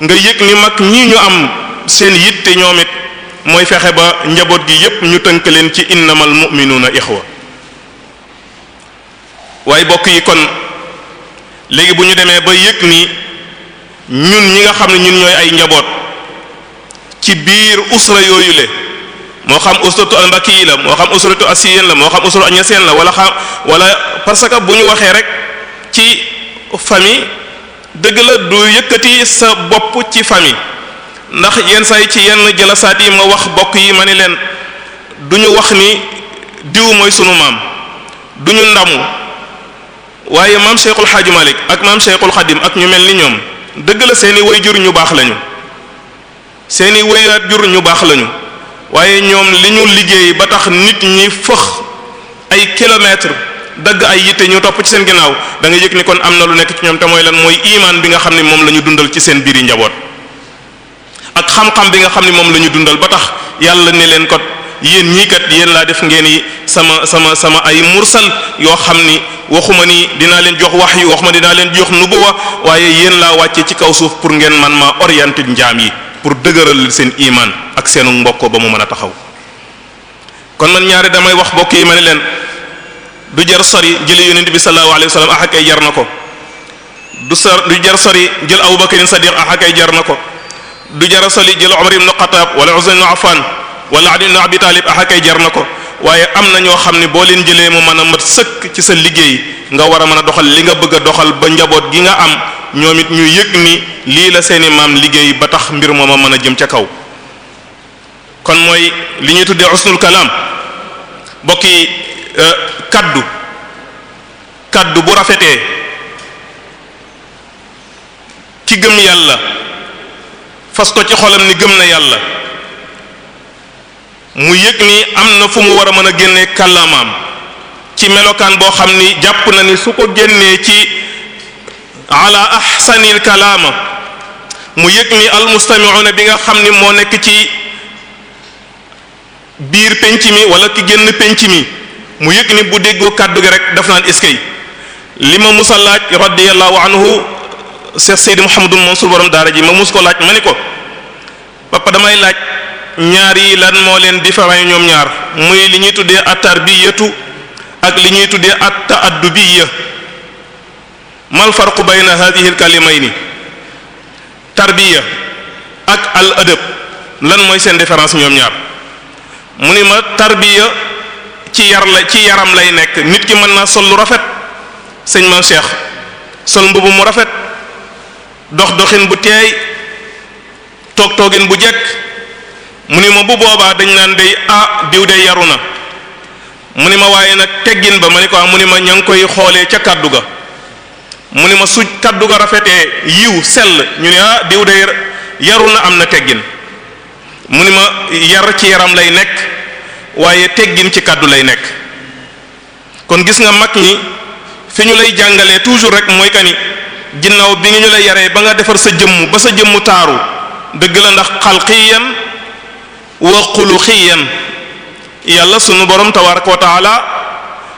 nga yëg ni mag ñii ñu am seen yitte ñoom it mooy fexe ba njaboot gi yépp ñu tënk leen ci innamal na ixwa waaye bokk yi kon léegi bu ñu demee ba yëg ni ñun ñi nga xam ne ñun ñooy ay njaboot ci biir usra yooyu le moo xam usratu albaki yi la moo xam usratu asiyeen la moo xam usratu añaseen la wala xam wala parce que bu ñu waxee rek ci famille dëgg la du yëkkati sa bopp ci famille ndax yenn saa yi ci yenn jëla jëlasaat yi ma wax bokk yi ma ni leen du ñu wax ni diw mooy sunu maam du ñu ndamu waaye maam Cheikhul Hadji Malick ak maam Cheikhul Khadim ak ñu mel ni ñoom dëgg la seeni wayjur ñu baax lañu seeni wayraat jur ñu baax lañu waaye ñoom li ñu liggéey ba tax nit ñi fëx ay kilomètres dagg ay yitte ñu topp ci seen ginnaaw da nga yëg ni kon am na lu nekk ci ñoom te mooy leen mooy imaan bi nga xam ne moom la ñu dundal ci seen biiri njaboot ak xam-xam bi nga xam ne moom lañu dundal ba tax yàlla ne leen kot yéen ñii kat yéen laa def ngeen i sama sama sama ay mursal yoo xam ni waxuma ni dinaa leen jox wax yi waxuma dinaa leen jox nubuwa waaye yéen laa wàccee ci kaw suuf pour ngeen man maa orienté njaam yi pour dëgëral seen iman ak seenu mbokkoo ba mu mën a taxaw kon man ñaari damay wax bokk yi ma ne leen du jar sori jële yonent bi sallallahu alayhi ah, ak ay jar na ko du sor du jar sori jël Abubakar Sadiq axakay ah, jar na ko du jar sori jël Umar ibn Xattaab wala Usman ibn Affan wala ali na abi taalib jar na ko waaye am na ñoo xam ne boo leen jëlee mu mën a mat sëkk ci sa liggéey nga war a mën a doxal li nga bëgg a doxal ba njaboot gi nga am ñoom it ñu yëg ni lii la seeni maam liggéey ba tax mbir moo mooma mën a jëm ca kaw kon mooy li ñuy tuddee usnul kalaam bokki euh, kàddu kàddu bu rafetee ki gëm yàlla fas ko ci xolam ni gëm na yàlla mu yëg ni am na fu mu war a mën a génne kàllaamaam ci melokaan boo xam ni jàpp na ni su ko génnee ci ala ahsanil kalaama mu yëg ni almustamiuna bi nga xam ni moo nekk ci biir penc mi wala ki génn penc mi mu yëg ni bu déggu kàddu gi rek daf naan iskay li ma musa laaj radiyallahu anhu Cheikh Seydi Mouhamadou Mansour borom daara ji ma mus ko laaj ma ni ko papa damay laaj ñaar yi lan moo leen différent ñoom ñaar muy li ñuy tuddee at-tarbiyatu ak li ñuy tuddee at-ta'addubiyya mal farqu bayna hadhihi al-kalimayni tarbiya ak al-adab lan mooy seen différence ñoom ñaar mu ni ma tarbiya ci yar la ci yaram lay nekk nit ki mën naa sol lu rafet sëñ Maam Cheikh sol mbubu mu rafet dox doxin bu teey toog toogin bu jekk mu ni ma bu boobaa dañ naan day ah diw de yaru na mu ni ma waaye nag teggin ba ma ni ko ah, mu ni ma ña ngi koy xoolee ca kàddu ga mu ni ma su kàddu ga rafetee yiw sell ñu ne ah diw de yaru na am na teggin mu ni ma yar ci yaram lay nekk waaye teggin ci kàddu lay nekk kon gis nga mag ñi fi ñu lay jàngalee toujours rek mooy kani ginnaaw bi nga ñu la yaree ba nga defar sa jëmm ba sa jëmmu taaru dëgg la ndax xalqiyan wa xuluqiyan yàlla sunu boroom tabaraka wa taala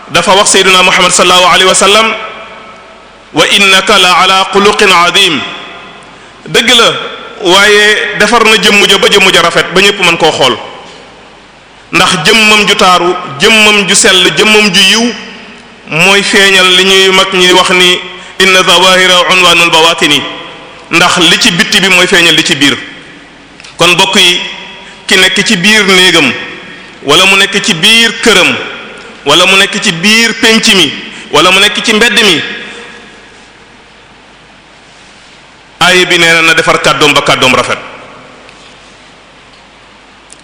dafa wax sayyidina muhammad sallallahu alayhi wa sallam wa innaka la ala xuluqin azim dëgg la waaye defar na jëmm ba jëmm ja rafet ba ñëpp mën koo xool ndax jëmmam ju taaru jëmmam ju sell jëmmam ju yiw mooy feeñal li ñuy mag ñi wax ni inna zawahira unwanul bawatini ndax li ci bitti bi mooy feeñal li ci biir kon bokk ki nekk ci biir néegam wala mu nekk ci biir këram wala mu nekk ci biir pénc mi wala mu nekk ci mbedd mi aaya bi nee na na defar kàddoom ba kàddoom rafet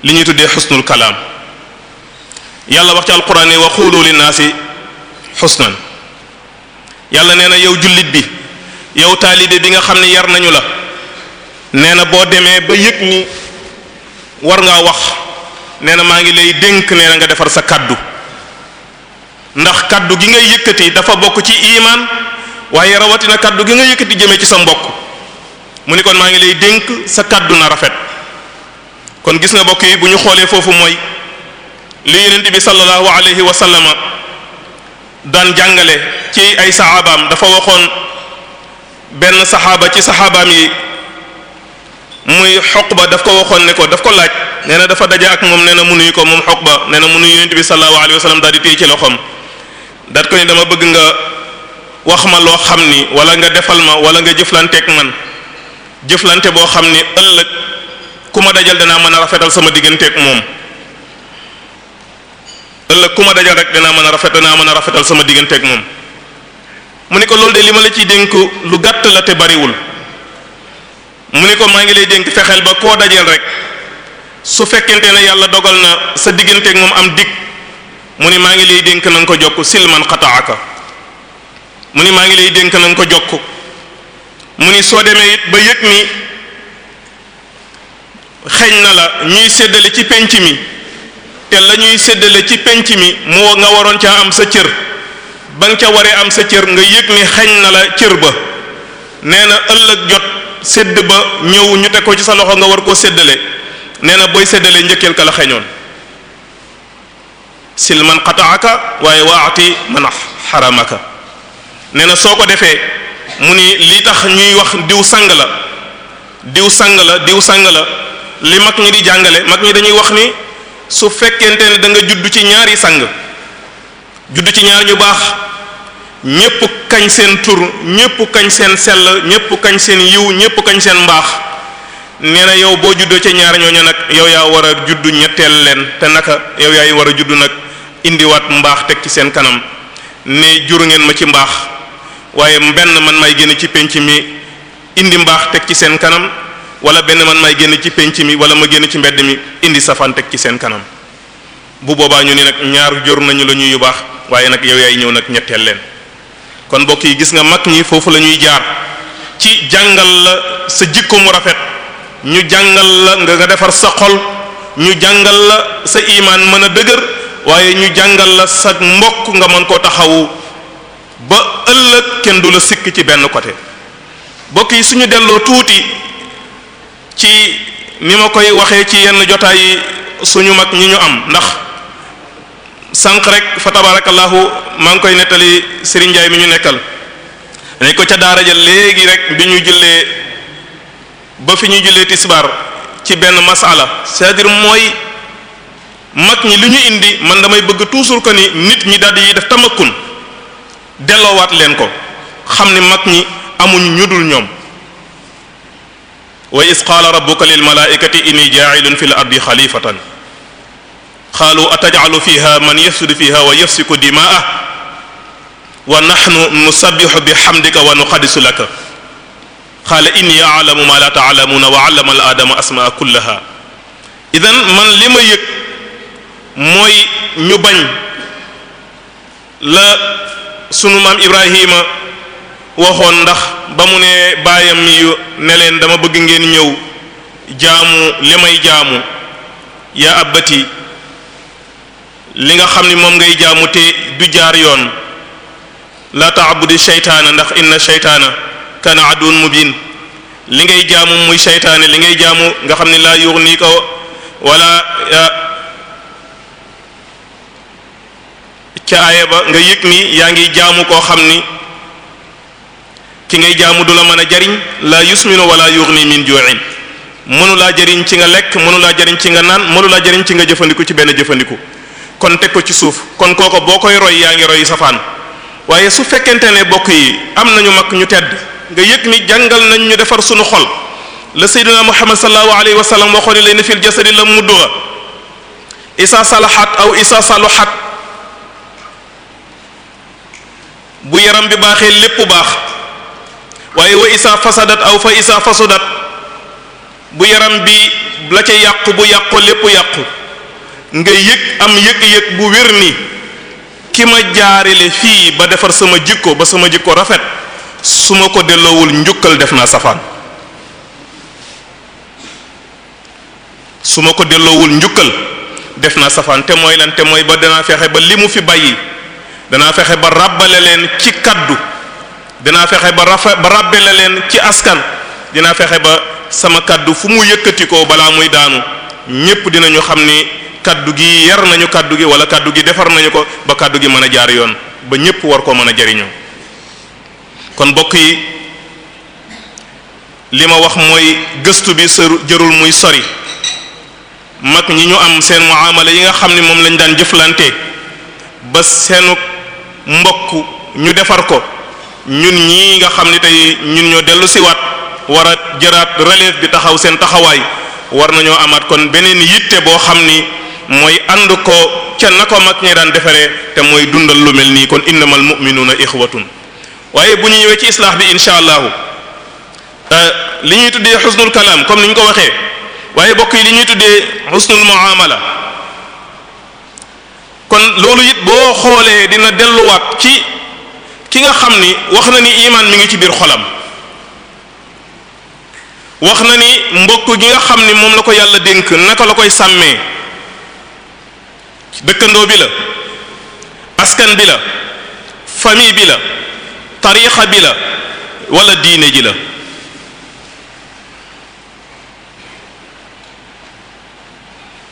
li ñuy tuddee xusnul kalaam yàlla wax ci alquran ne wa xuulu linnaasi xusnan yàlla nee na yow jullit bi yow taalibe bi nga xam ni yar nañu la nee na boo demee ba yëg ni war ngaa wax nee na maa ngi lay dénk nee na nga defar sa kàddu ndax kàddu gi ngay yëkkati dafa bokk ci imaan waaye rawatina kàddu gi nga yëkkati jëmee ci sa mbokk mu ni kon maa ngi lay dénk sa kaddu na rafet kon gis nga bokk yi bu ñu xoolee foofu mooy li yonent bi sallallahu alayhi wa sallama daan jàngale ci ay saxaabaam dafa waxoon benn saxaaba ci saxaabaam yi muy xoq ba daf ko waxoon ne ko daf ko laaj nee na dafa daje ak moom nee na munuyu ko moom ba nee na munuyu yonent bi sallallahu alayhi wa sallam daal di téye ci loxoom daat ko ni dama bëgg nga wax ma loo xam ni wala nga defal ma wala nga jëflanteeg man jëflante boo xam ni ëllëg ku ma dajal danaa mën a rafetal sama digganteeg moom ëllëg ma dajal rek danaa mën a rafet danaa mën a rafetal sama digganteeg moom mu ni ko loolu de li ma la ciy dénk lu gàtt la te bariwul mu ni ko maa ngi lay dénk fexeel ba koo dajeel rek su fekkente ne yàlla dogal na sa digganteek moom am dikk mu ni maa ngi lay dénk na nga ko jokk silman xataaka mu ni maa ngi lay dénk na nga ko jokk mu ni soo demee it ba yëg ni xeeñ na la ñuy séddale ci penc mi te la ñuy séddale ci penc mi mu nga waroon caa am sa cër ba nga ca waree am sa cër nga yëg ni xeeñ na la cër ba nee ëllëg jot sedd ba ñëw ñu teg ko ci sa loxo nga war koo séddale nee na booy séddale njëkkeel ka la xeñoon sil man qataaka waaye waati man xaramaka nee na soo ko defee mu ni li tax ñuy wax diw sang la diw sang la diw sang la li mag ñi di jàngale mag ñi dañuy wax ni su fekkente ne da nga ci ñaari sang judd ci ñaar ñu baax ñépp kañ seen tur ñépp kañ seen sell ñépp kañ seen yiw ñépp kañ seen mbaax nee na yow boo juddoo ca ñaar ñooñu nag yow yaa war a juddu ñetteel leen te naka yow yaay war a juddu nag indiwaat mbaax teg ci seen kanam ne jur ngeen ma ci mbaax waaye benn man may génn ci penc mi indi mbaax teg ci seen kanam wala benn man maay génn ci penc mi wala ma génn ci mbedd mi indi safaan teg ci seen kanam bu boobaa ñu ni nag ñaar jur nañu la ñuy yu baax waaye nag yow yaay ñëw nag ñetteel leen kon mbokk yi gis nga mag ñi foofu lañuy jaar ci jàngal la sa jikko mu rafet ñu jàngal la nga defar sa xol ñu jàngal la sa imaan mën a dëgër waaye ñu jàngal la sa mbokk nga mën koo taxawu ba ëllëg kenn du la sikk ci benn côté mbokk yi suñu delloo tuuti ci mi ma koy waxee ci yenn jotaay yi suñu mag ñi ñu am ndax sànq rek fa tabarakallahu maa ngi koy nettali Serigne Ndiaye mi ñu nekkal dañ ko ca daara ja léegi rek bi ñu jullee ba fi ñuy jullee tisbaar ci benn masala cest mooy mag ñi li ñu indi man damay bëgg toujours que ni nit ñi daldi yi def tamakkun delloowaat leen ko xam ni mag ñi amuñ ñu dul ñoom wa is qaala rabbuka lil malaikati inni ja'ilun fil ardi xalifatan qaalu atajalu fiha man yafsidu fiha wa yafsiku dimaa wa nahnu nusabbihu bihamdika wa nuqaddisu laka qaala inni alamu ma la taalamuuna wa allama al aadama asmaa kullaha idan man li ma yëg mooy ñu bañ la sunu maam Ibrahima waxoon ndax ba mu ne baayam yu ne leen dama bëgg ngeen ñëw jaamu li may jaamu yaa abati li nga xam ni moom ngay jaamu te du jaar yoon la taabudi seytaana ndax inna seytaana kana aduun mubin li ngay jaamu muy seytaane li ngay jaamu nga xam ni laa yugni ko wala ca aaya ba nga yëg ni yaa ngi jaamu koo xam ni ki ngay jaamu du la mën a jariñ la yusminu wala yugni min ju'in mënu laa jariñ ci nga lekk mënu laa jariñ ci nga naan mënu jariñ ci nga jëfandiku ci benn jëfandiku kon teg ko ci suuf kon kooko boo koy roy yaa ngi roy safaan waaye su fekkente ne bokk yi am nañu mag ñu tedd nga yëg ni jàngal nañ ñu defar suñu xol la sayyidina muhammad sallallahu alayhi wa sallam waxoon ne layna fil jasadi la mudduga isa salahat aw isa saluhat bu yaram bi baaxee lépp baax waaye wa isa fasadat aw fa isa fasudat bu yaram bi la ca yàq bu yàqoo lépp yàqu nga yëg am yëg-yëg bu wér ni ki ma jaarile fii ba defar sama jikko ba sama jikko rafet su ma ko delloowul njukkal def naa safaan su ko delloowul njukkal def naa safaan te mooy lan te mooy ba danaa fexe ba li mu fi bàyyi danaa fexe ba ràbbale leen ci kàddu danaa fexe ba rafe ba ràbbale leen ci askan dinaa fexe ba sama kàddu fu mu yëkkati ko balaa muy daanu ñépp dinañu xam ni kàddu gi yar nañu kàddu gi wala kàddu gi defar nañu ko ba kàddu gi mën a jaar yoon ba ñépp war koo mën a jariñoo kon bokk yi li ma wax mooy gëstu bi sëru jërul muy sori mag ñi ñu am seen muamala yi nga xam ni moom lañ daan jëflantee ba seenu mbokk ñu defar ko ñun ñi nga xam ni tey ñun ñoo dellu siwaat war a jëraat relève bi taxaw seen taxawaay war nañoo amaat kon beneen yitte boo xam ni mooy ànd ko ca na ko mag ñi daan defaree te mooy dundal lu mel nii kon innamal mu'minuuna ixwatun waaye bu ñu ñëwee ci islaax bi insha allahu euh, li ñuy tuddee xusnul kalaam comme ni ko waxee waaye bokk yi li ñuy tuddee xusnul muamala kon loolu it boo xoolee dina delluwaat ci ki nga xam ni wax na ni imaan mi ngi ci biir xolam wax na ni mbokk gi nga xam ni moom la ko yàlla dénk naka la koy sàmmee dëkkandoo bi la askan bi la famille bi la tariixa bi la wala diine ji la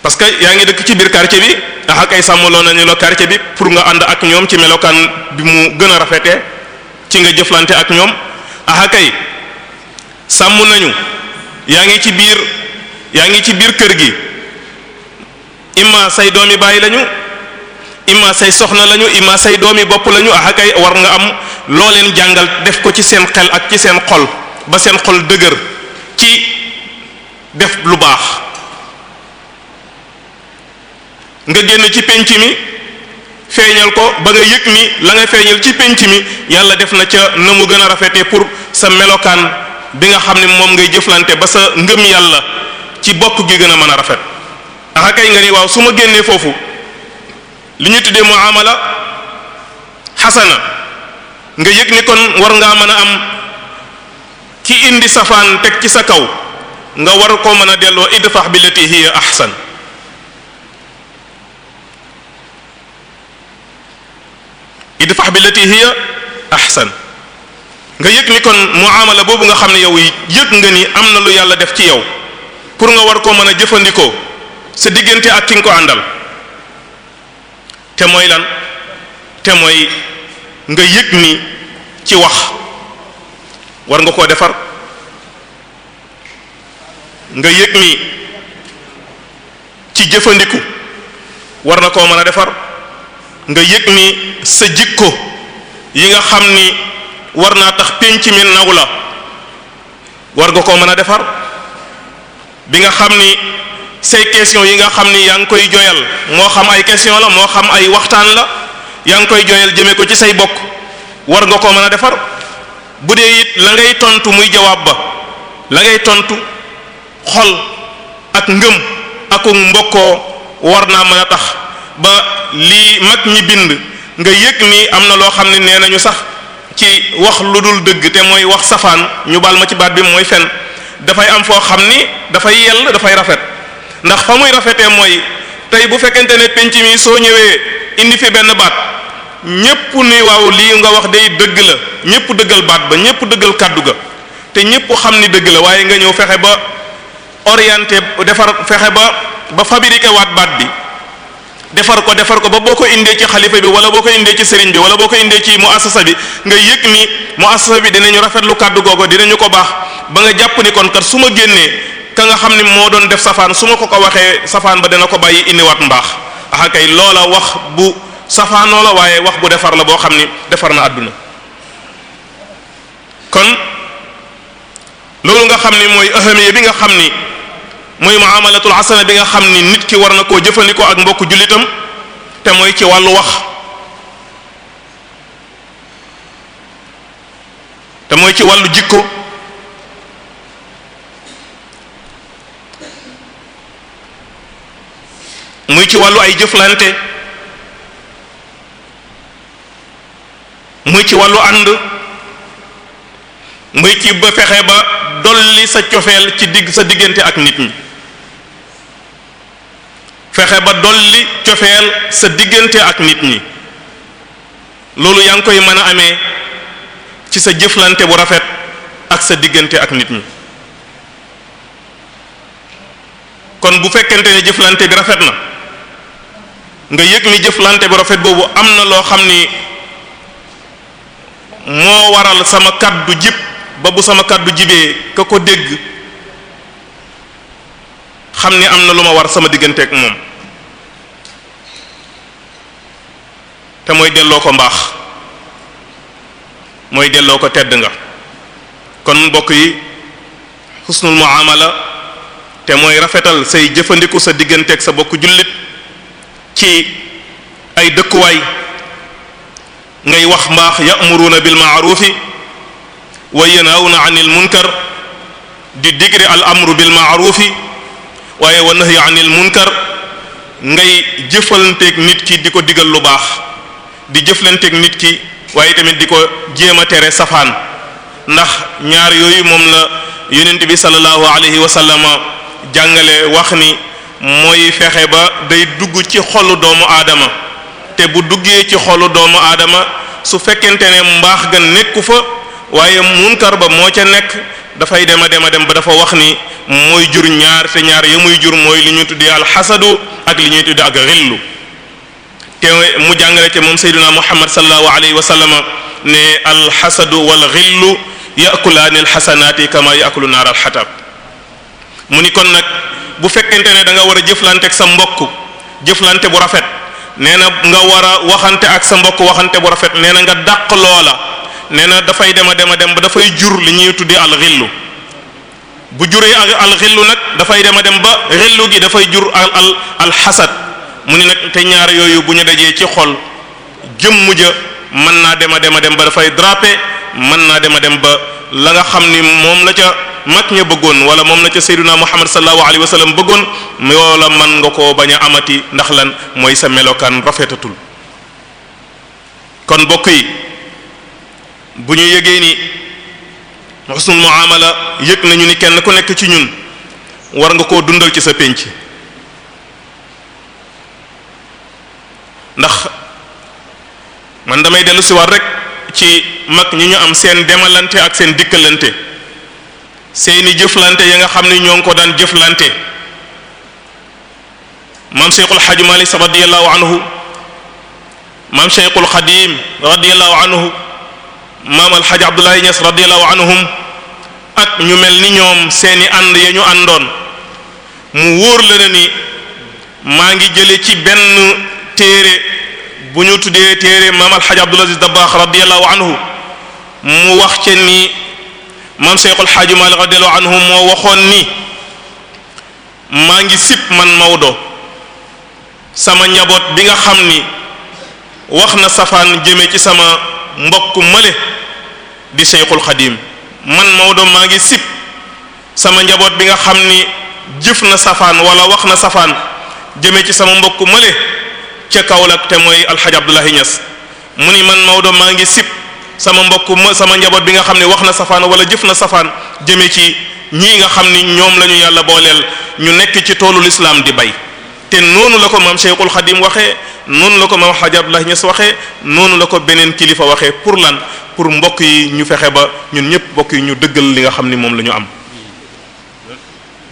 parce que yaa ngi dëkk ci biir quartier bi ah kay sàmmloo nañu la quartier bi pour nga ànd ak ñoom ci melokaan bi mu gën a rafete ci nga jëflante ak ñoom ah kay sàmm nañu yaa ngi ci biir yaa ngi ci biir kër gi imma say doomi bàyyi lañu imma say soxna lañu imma say doomi bopp lañu ak kay war nga am loo leen jàngal def ko ci seen xel ak ci seen xol ba seen xol dëgër ci def lu baax nga génn ci penc mi feeñal ko ba nga yëg ni la nga feeñal ci penc mi yàlla def na ca na mu gën a rafetee pour sa melokaan bi nga xam ne moom ngay jëflante ba sa ngëm yàlla ci bokk gi gën a mën a rafet axa kay nga ni waaw su ma génnee foofu li ñu tuddee muamala xasana nga yëg ni kon war ngaa mën a am ki indi safaan teg ci sa kaw nga war koo mën a delloo idfax bi lati hiya ahsan idfax bi ahsan nga yëg ni kon muamala boobu nga xam ne yow yëg nga ni am na lu yàlla def ci yow pour nga war koo mën a jëfandikoo sa diggante ak ki ko àndal te mooy lan te mooy nga yëg ni ci wax war nga koo defar nga yëg ni ci jëfandiku war na koo mën a defar nga yëg ni sa jikko yi nga xam ni war naa tax pénc mi naw la war nga koo mën a defar bi nga xam ni say question yi nga xam ni yaa ngi koy joyal moo xam ay question la moo xam ay waxtaan la yaa ngi koy joyal jëme ko ci say bokk war nga koo mën a defar bu dee it la ngay tontu muy jawaab ba la ngay tontu xol ak ngëm aku mbokkoo war naa mën a tax ba lii mag ñi bind nga yëg ni am na loo xam ne nee nañu sax ci wax lu dul dëgg te mooy wax safaan ñu baal ma ci baat bi mooy fen dafay am foo xam ni dafay yell dafay rafet ndax fa muy rafetee mooy tey bu fekkente ne penc mi soo ñëwee indi fi benn baat ñépp ni waaw lii nga wax day dëgg la ñépp dëggal baat ba ñépp dëggal kàddu ga te ñépp xam ni dëgg la waaye nga ñëw fexe ba orienté defar fexe ba ba fabriqué waat baat bi defar ko defar ko ba boo ko indee ci xalifa bi wala boo ko indee ci sëriñ bi wala boo ko indee ci mu muassasa bi nga yëg ni muassasa bi dinañu rafetlu kàddu googu dinañu ko baax ba nga jàpp ni kon kat su ma génnee ka nga xam ni moo doon def safaan su ma ko ko waxee safaan ba dina ko bàyyi indiwaat mbaax ah kay loola wax bu safaanoo waaye wax bu defar la boo xam ni defar na àdduna kon loolu nga xam ni mooy ahamiya bi nga xam ni. muy muamalatul xasana bi nga xam ni nit ki war na koo jëfandikoo ak mbokku jullitam te mooy ci wàllu wax te mooy ci wàllu jikko muy ci wàllu ay jëflante muy ci wàllu ànd muy ci ba fexe ba dolli sa cofeel ci digg sa diggante ak nit ñi fexe ba dolli cofeel sa diggante ak nit ñi loolu yaa ngi koy mën a amee ci sa jëflante bu rafet ak sa diggante ak nit ñi kon bu fekkente ne jëflante bi rafet na nga yëg ni jëflante bu rafet boobu am na loo xam ni moo waral sama kàddu jib ba bu sama kàddu jibee ka ko dégg xam ni am na lu ma war sama digganteeg moom te mooy delloo ko mbaax mooy delloo ko tedd nga kon mbokk yi xusnul muamala te mooy rafetal say jëfandiku sa digganteeg sa bokk jullit ci ay dëkkuwaay ngay wax mbaax ya'muruna bil ma'rufi wa yanhawna 'anil munkar di digre al amru bil ma'rufi waaye wa nahyi 'anil munkar ngay jëfalanteeg nit ki di ko digal lu baax di jëflanteeg nit ki waaye tamit di ko jéem a tere safaan ndax ñaar yooyu moom la yonent bi sallallahu alayhi wa sallam jàngale wax ni mooy fexe ba day dugg ci xolu doomu aadama te bu duggee ci xolu doomu aadama su fekkente ne mbaax ga nekku fa waaye munkar ba moo ca nekk dafay dem a dem a dem ba dafa wax ni mooy jur ñaar te ñaar ya muy jur mooy li ñuy tuddee alxasadu ak li ñuy tuddee ak xillu te mu jàngale ci moom sayduna muhammad sallallahu alayhi wa sallam ne alxasadu wal xillu yakulaani alxasanaati kama yakulu naar alxatab mu ni kon nag bu fekkente ne danga war a jëflante ak sa mbokk jëflante bu rafet nee na nga war a waxante ak sa mbokk waxante bu rafet nee na nga dàq loola nee na dafay dem a dem a dem ba dafay jur li ñuy tuddee alxillu bu juree alxillu nag dafay dem a dem ba xillu gi dafay jur al al alxasad mu ni nag te ñaar yooyu bu ñu dajee ci xol jëmm ja mën naa dem a dem a dem ba dafay draper mën naa dem a dem ba la nga xam ni moom la ca mag ña bëggoon wala moom la ca sayyiduna muhammad sallallahu alayhi wa sallam bëggoon la mën nga koo bañ a amati ndax lan mooy sa melokaan rafetatul kon bokk yi bu ñu yëgee ni xusnul muamala yëg nañu ni kenn ku nekk ci ñun war nga koo dundal ci sa pénc ndax man damay dellu si war rek ci mag ñi ñu am seen demalante ak seen dikkalante seeni jëflante ya nga xam ni ñoo ngi ko daan jëflante maam Cheikhul Hadj Malick radiyallahu anhu maam Cheikhul Xadim radiyallahu anhu maam El Hadj Abdoulaye Niass anhum ak ñu mel ni ñoom seeni ànd ya ñu àndoon mu wóor la ne ni maa ngi jële ci benn. téere bu ñu tuddee téere maam alxaaj abdul aziz dabbaax radiallahu anhu mu wax ca ni maam cheikh alxaaji malik radiallahu anhu moo waxoon nii maa ngi sip man Maodo sama njaboot bi nga xam ni wax na safaan jëme ci sama mbokk male di man Maodo maa ngi sip sama njaboot bi nga xam ni jëf na safaan wala wax na safaan jëme ci sama mbokk male ca Kaolack te mooy alxaj Abdoulahi Niass mu ni man Maodo maa ngi sib sama mbokk sama njaboot bi nga xam ne wax na safaan wala jëf na safaan jëmee ci ñii nga xam ni ñoom la ñu yàlla booleel ñu nekk ci toolu lislaam di bay te noonu la ko maam Cheikhul Xadim waxee noonu la ko maam alxaj Abdoulahi Niass waxee noonu la ko beneen kilifa waxee pour lan pour mbokk yi ñu fexe ba ñun ñëpp mbokk yi ñu dëggal li nga xam ni moom la ñu am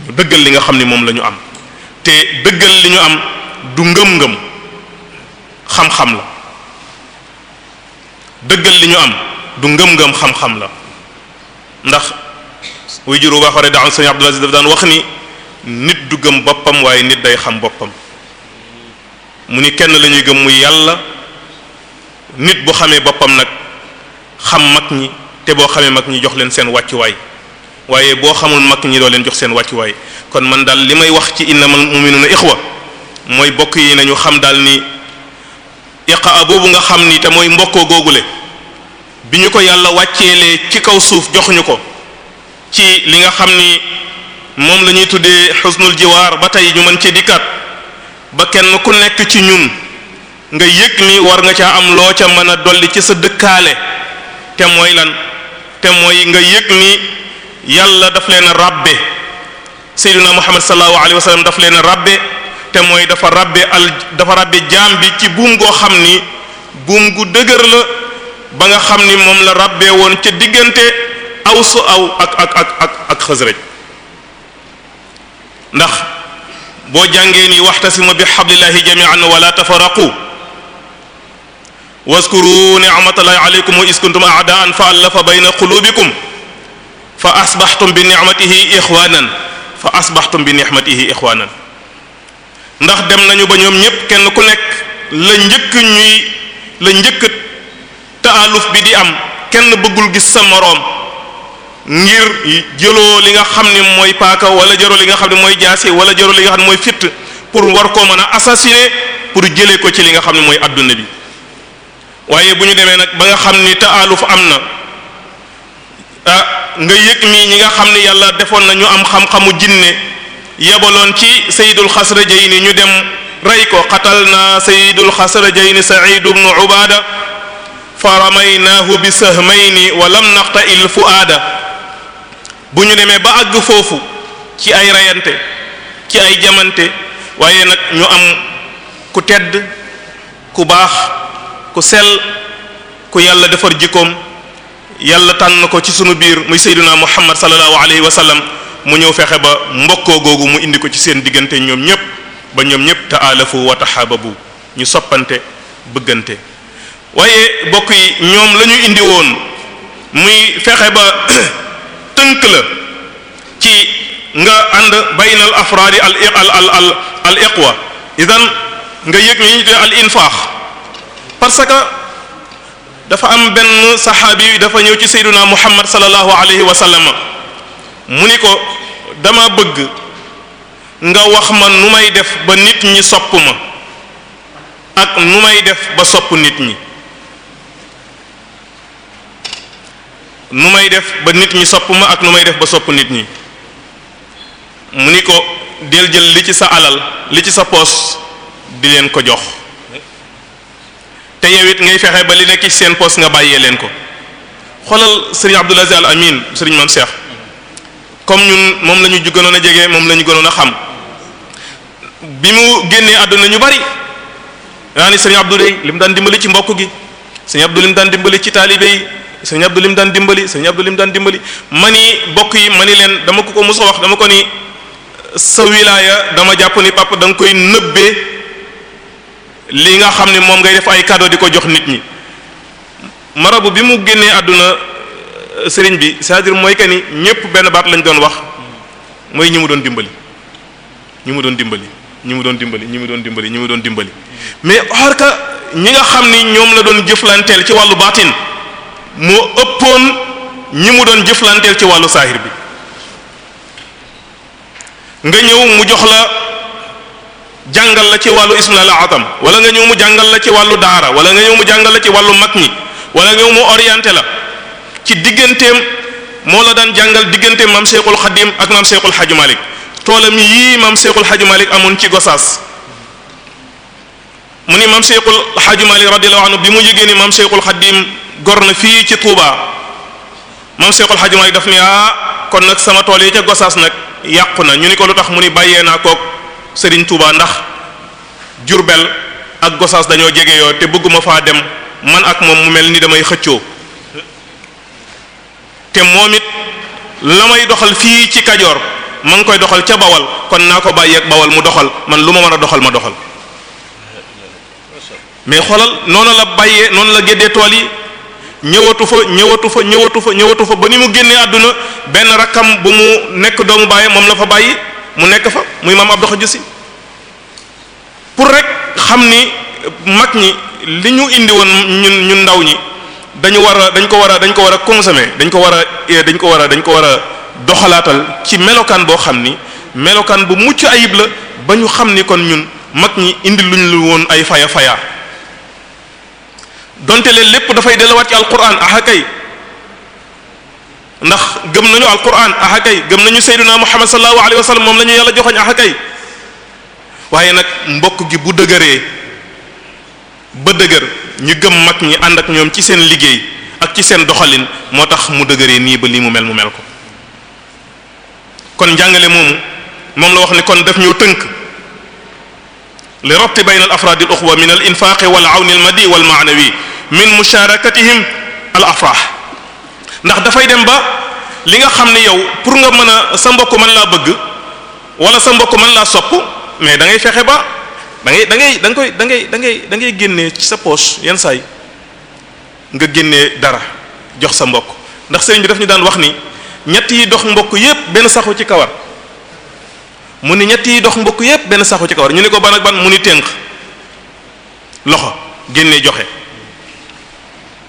ñu li nga xam ni moom la ñu am te dëggal li ñu am du ngëm xam-xam la dëggal li ñu am du ngëm-ngëm xam-xam la ndax wuy juru baax ware daan sëñ Abdul Aziz daf daan wax ni nit du gëm boppam waaye nit day xam boppam mu ni kenn la ñuy gëm muy yàlla nit bu xamee boppam nag xam mag ñi te boo xamee mag ñi jox leen seen wàccuwaay waaye boo xamul mag ñi doo leen jox seen wàccuwaay kon man daal li may wax ci innamal mu'minuna ixwa mooy bokk yi nañu xam daal ni iqaa boobu nga xam ni te mooy mbokkoo googu googule bi ñu ko yàlla wàcceelee ci kaw suuf joxuñu ko ci li nga xam ni moom la ñuy tuddee xusnul jiwaar ba tey ñu mën ci dikkaat ba kenn ku nekk ci ñun nga yëg ni war nga caa am loo ca mën a dolli ci sa dëkkaale te mooy lan te mooy nga yëg ni yàlla daf leen a ràbbe seyduna muhammad sallallahu alayhi wa sallam daf leen a ràbbe te mooy dafa rabbe al dafa rabbe jaam bi ci buum goo xam ni buum gu dëgër la ba nga xam ni moom la ràbbee woon ca diggante aw su aw ak ak ak ak ak ndax boo jàngee ni waxtasima bi xablillahi jamian wala tafaraqu waskuru nicmatallahi alaykum wa is kuntum aadaan fa allafa bayna qulubikum fa asbaxtum bi nicmatihi ixwanan fa asbaxtum bi nicmatihi ixwanan ndax dem nañu ba ñoom ñépp kenn ku nekk la njëkk ñuy la njëkk taaluf bi di am kenn bëggul gis sa moroom ngir jëloo li nga xam ne mooy paaka wala jëloo li nga xam ne mooy jaasi wala jëloo li nga xam ne mooy fitt pour war koo mën a assassiner pour jëlee ko ci li nga xam ne mooy adduna bi waaye bu ñu demee nag ba nga xam ni taaluf am na ah nga yëg nii ñi nga xam ne yàlla defoon nañu am xam-xamu jinne yabaloon ci saydul xasrajayni ñu dem rey ko xatal na saydul xasrajayni said ibnu ubaada fa ramaynaahu bi sahmayni wa lam naqta il fuaada bu ñu demee ba àgg foofu ci ay reyante ci ay jamante waaye nag ñu am ku tedd ku baax ku sel ku yàlla defar jikkoom yàlla tànn ko ci sunu biir muy sayduna muhammad sallallahu alayhi wa sallam mu ñëw fexe ba mbokkoo googu mu indi ko ci seen diggante ñoom ñépp ba ñoom ñépp taalafu wa taxaababu ñu soppante bëggante waaye bokk yi ñoom la ñu indi woon muy fexe ba [clears throat] tënk la ci nga ànd bayn al afraadi al al al al iqwa nga yëg li al infaax parce que dafa am benn saxaabi dafa ñëw ci sayduna muhammad sallallahu alayhi wa sallam mu ni ko dama bëgg nga wax ma nu may def ba nit ñi sopp ma ak nu may def ba sopp nit ñi nu may def ba nit ñi sopp ak nu may def ba sopp nit ñi mu ni ko del jël li ci sa alal li ci sa poos di leen ko jox te yow it ngay fexe ba li nekk ci seen poos nga bàyyee leen ko xoolal sëriñ Abdul Aziz Al Amin sëriñ man Cheikh comme ñun moom la ñu gënoon a jege moom lañu ñu gënoon a xam bi mu génnee àdduna ñu bari yaa ni sëñ Abdou li mu daan dimbali ci mbokk gi sëñ Abdou li mu daan dimbali ci taalibe yi sëñ Abdou li mu daan dimbali sëñ Abdou li mu daan dimbali man ni bokk yi ma ni leen dama ko ko mos a wax dama ko ni sa wilaaya dama jàpp ni papa da nga koy nëbbee li nga xam ne moom ngay def ay kàddoo di ko jox nit ñi marabu bi mu génnee àdduna sëriñ bi c'est-à-dire mooy que ni ñëpp benn baat lañu doon wax mooy ñi mu doon dimbali ñi mu doon dimbali ñi mu doon dimbali ñi mu doon dimbali ñi mu doon dimbali mais or que ñi nga xam ni ñoom la doon jëflanteel ci wàllu baatin moo ëppoon ñi mu doon jëflanteel ci wàllu saahir bi nga ñëw mu jox la jàngal la ci wàllu ismila la atam wala nga ñëw mu jàngal la ci wàllu daara wala nga ñëw mu jàngal la ci wàllu mag ñi wala nga ñëw mu orienté la ci digganteem moo la daan jàngal digganteem maam Cheikhul Khadim ak maam Cheikhul Hadji Malick toolam yii mam Cheikhul Hadji Malick amoon ci Gosaas mu ni maam Cheikhul Hadji Malick radiyallahu anhu bi mu yëgee ni maam Cheikhul Khadim gor na fii ci Touba maam Cheikhul Hadji Malick daf ni ah kon nag sama tool yi ca Gosaas nag yàqu na ñu ni ko lu tax mu ni bàyyee naa koog Serigne Touba ndax Jurbel ak Gosaas dañoo jege jegeyoo te bëgguma faa dem man ak moom mu mel ni damay xëccoo. te moom it la may doxal fii ci kajoor ma ngi koy doxal ca bawal kon naa ko bàyyi ak bawal mu doxal man lu ma mën a doxal ma doxal mais xoolal noonu la bàyyee noonu la géddee tool yi ñëwatu fa ñëwatu fa ñëwatu fa ñëwatu fa ba ni mu génnee àdduna benn rakkam bu mu nekk doomu bàyyee moom la fa bàyyi mu nekk fa muy maam Abdou Xaju si pour rek xam ni mag ñi li ñu indi woon ñun ñun ndaw ñi dañu war dañ ko war a dañ ko war a consommer dañ ko war a eh, dañ ko war a dañ ko war a doxalaatal ci melokaan boo xam ni melokaan bu mucc ayib la ba ñu xam ni kon ñun mag ñi indi luñ lu woon ay faya faya donte leen lépp dafay delluwaat ci al alquran aha kay ndax gëm nañu alquran aha kay gëm nañu sayyiduna muhammad sallallahu alayhi wa sallam moom lañu ñu yàlla joxoñ aha kay waaye nag mbokk gi bu dëgëree ba dëgër ñu gëm mag ñi ànd ak ñoom ci seen liggéey ak ci seen doxalin moo tax mu dëgëree nii ba lii mu mel mu mel ko kon njàngale moomu moom la wax ne kon def ñëw tënk li rabti bayna al afraad al uxwa min al infaaq wal awn al madi wal maanawi min musharakatihim al afrah ndax dafay dem ba li nga xam ne yow pour nga mën a sa mbokk mën laa bëgg wala sa mbokk mën laa sopp mais da fexe ba da ngay da ngay da koy dangay ngay da ngay da ngay ci sa poos yenn saay nga génne dara jox sa mbokk ndax sëriñ bi daf ñu daan wax ni ñett yi dox mbokk yépp benn saxu ci kawar mu ni ñett dox mbokk yépp benn saxu ci kawar ñu ne ko ban ak ban mu ni tënk loxo génne joxe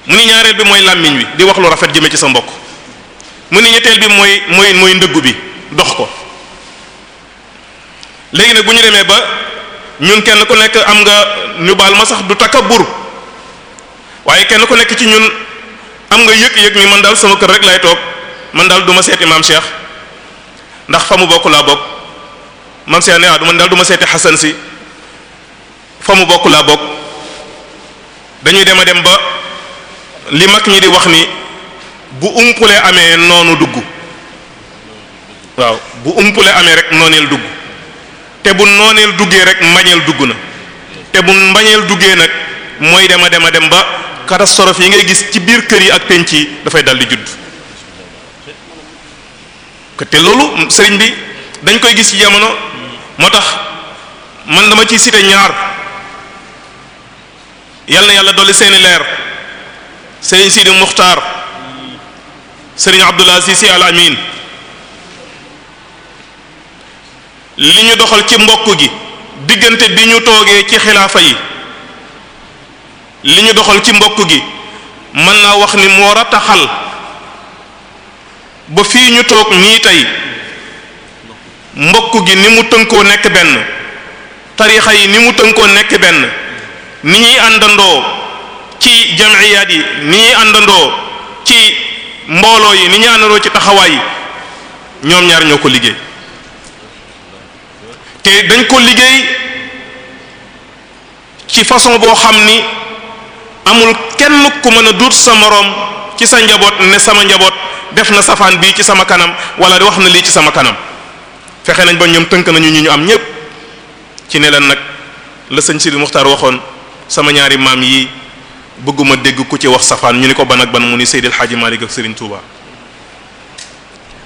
mu ni ñaareel bi mooy làmmiñ wi di wax lu rafet jëme ci sa mbokk mu ni ñetteel bi mooy mooy mooy ndëggu bi dox ko léegi nag bu ñu demee ba ñun kenn ku nekk am nga ñu baal ma sax du buur waaye kenn ku nekk ci ñun am nga yëg-yëg ni man daal sama kër rek laay toog man daal du ma seeti maam Cheikh ndax fa mu bokk laa bokk maam Cheikh ne ah daal du ma seeti Xasan si fa mu bokk bokk dañuy dem a dem ba li mag ñi di wax ni bu umpulee amee noonu dugg waaw bu umpulee amee rek nooneel dugg. te bu nooneel duggee rek mbañeel dugg na te bu mbañeel duggee nag mooy dem a dem a dem ba catastrophe yi ngay gis ci biir kër yi ak penc yi dafay dal di judd te loolu sëriñ bi dañ koy gis ci jamono moo tax man dama ci cité ñaar yal na yàlla dolli seeni leer sëriñ Sidi Muxtaar sëriñ Abdul Aziz Sy Al Amin li ñu doxal ci mbokk gi diggante bi ñu toogee ci xilaafa yi li ñu doxal ci mbokk gi mën naa wax ni moo rataxal ba fii ñu toog nii tey mbokk gi ni mu tënkoo nekk benn tarixa yi ni mu tënkoo nekk benn ni ñuy àndandoo ci jamiyaat yi ni ñuy àndandoo ci mbooloo yi ni ñuy àndandoo ci taxawaay yi ñoom ñaar ñoo ko liggéey te dañ ko liggéey ci façon boo xam ni amul kenn ku mën a duut sa moroom ci sa njaboot ne sama njaboot def na safaan bii ci sama kanam wala wax na lii ci sama kanam fexe nañ ba ñoom tënk nañu ñu ñu am ñépp ci ne leen nag la sëñ Sidi Muxtaar waxoon sama ñaari maam yi bëgguma dégg ku ci wax safaan ñu ni ko ban ak ban mu ni Seydil Xaaji Maalik ak Serigne Touba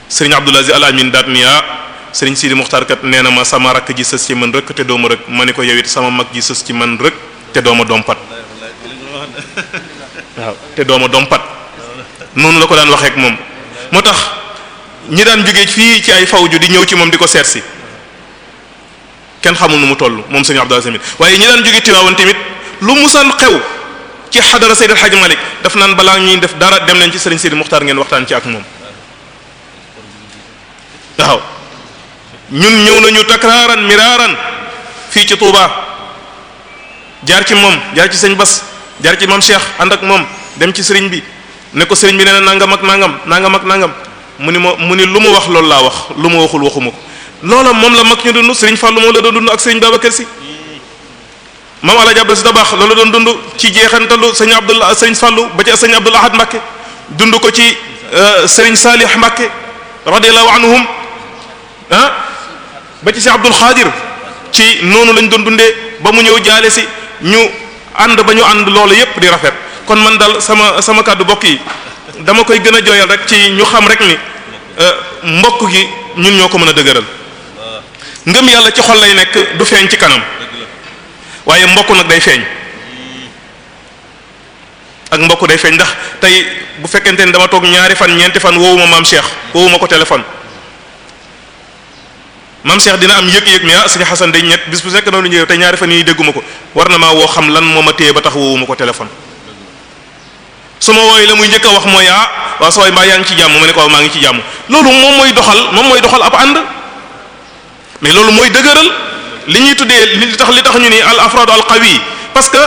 Serigne Abdoul Aziz Al daat miya sëriñ Sidi Muxtaar kat nee na ma sama rakk ji sës ci man rëkk te dooma rëkk ma ne ko yow it sama mag ji sës ci man rëkk te dooma dompat waaw te dooma dompat noonu la ko daan waxeek moom moo tax ñi daan jógee fii ci ay ju di ñëw ci moom di ko seet si kenn xamul nu mu toll moom sëriñ Abdou Samit waaye ñi daan jógee Tiwaawan tamit lu musal xew ci xadara Seydi El Hadji Malick daf naan balaa ñuy def dara dem leen ci sëriñ Sidi Muxtaar ngeen waxtaan ci ak moom waaw ñun ñëw nañu takraaran miraaran fii ci Touba jaar ci moom jaar ci sëñ Bas jaar ci moom Cheikh ànd ak moom dem ci sëriñ bi ne ko sëriñ bi nee na nangam ak nangam nangam ak nangam mu ni ma mu ni lu mu wax loolu laa wax lu mu waxul waxuma ko loola moom la mag ñu dund sëriñ Fallou moom la doon dund ak sëriñ Babacar Sy moom El Hadj Abdoul Si Dabaax loolu doon dund ci jeexantalu sëñ Abdoul sëñ Fallou ba ci sëñ Abdoul Ahad Mbacké dund ko ci euh, sëriñ Salih Mbacké radiyallahu anhum ah. ba ci Cheikh Abdul Xaadir ci noonu lañ doon dundee ba mu ñëw jaale si ñu ànd ba ñu ànd loolu yépp di rafet kon man dal sama sama kàddu bokk yi dama koy gën a jooyal rek ci ñu xam rek ni euh, mbokk gi ñun ñoo ko mën a dëgëral ngëm yàlla ci xol lay nekk du feeñ ci kanam waaye mbokk nag day feeñ ak mbokk day feeñ ndax tey bu fekkente ni dama toog ñaari fan ñeenti fan woowuma maam Cheikh woowuma ko téléphone maam Cheikh dina am yëg-yëg ni ah sëñ Xasan day ñett bis bu sekk noonu ñëw te ñaari fan yii dégguma ko war na maa woo xam lan moo ma téye ba tax woowuma ko téléphone su ma wooyee la muy njëkk a wax mooy ah waa sa waay mbaa yaa ngi ci jàmm ma ne ko maa ngi ci jàmm loolu moom mooy doxal moom mooy doxal ab ànd mais loolu mooy dëgëral li ñuy tuddee li tax li tax ñu ni al afradu al qawi parce que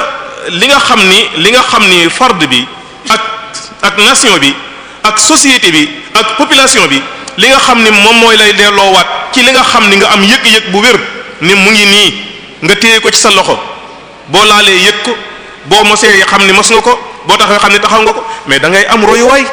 li nga xam ni li nga xam ni fard bi ak ak nation bi ak société bi ak population bi li nga xam ni moom mooy lay delloowaat ci li nga xam ni nga am yëg-yëg bu wér ni mu ngi nii nga téye ko ci sa loxo boo laalee yëg ko boo mosee xam ni mos nga ko boo tax nga xam ni taxaw nga ko mais dangay ngay am royuwaay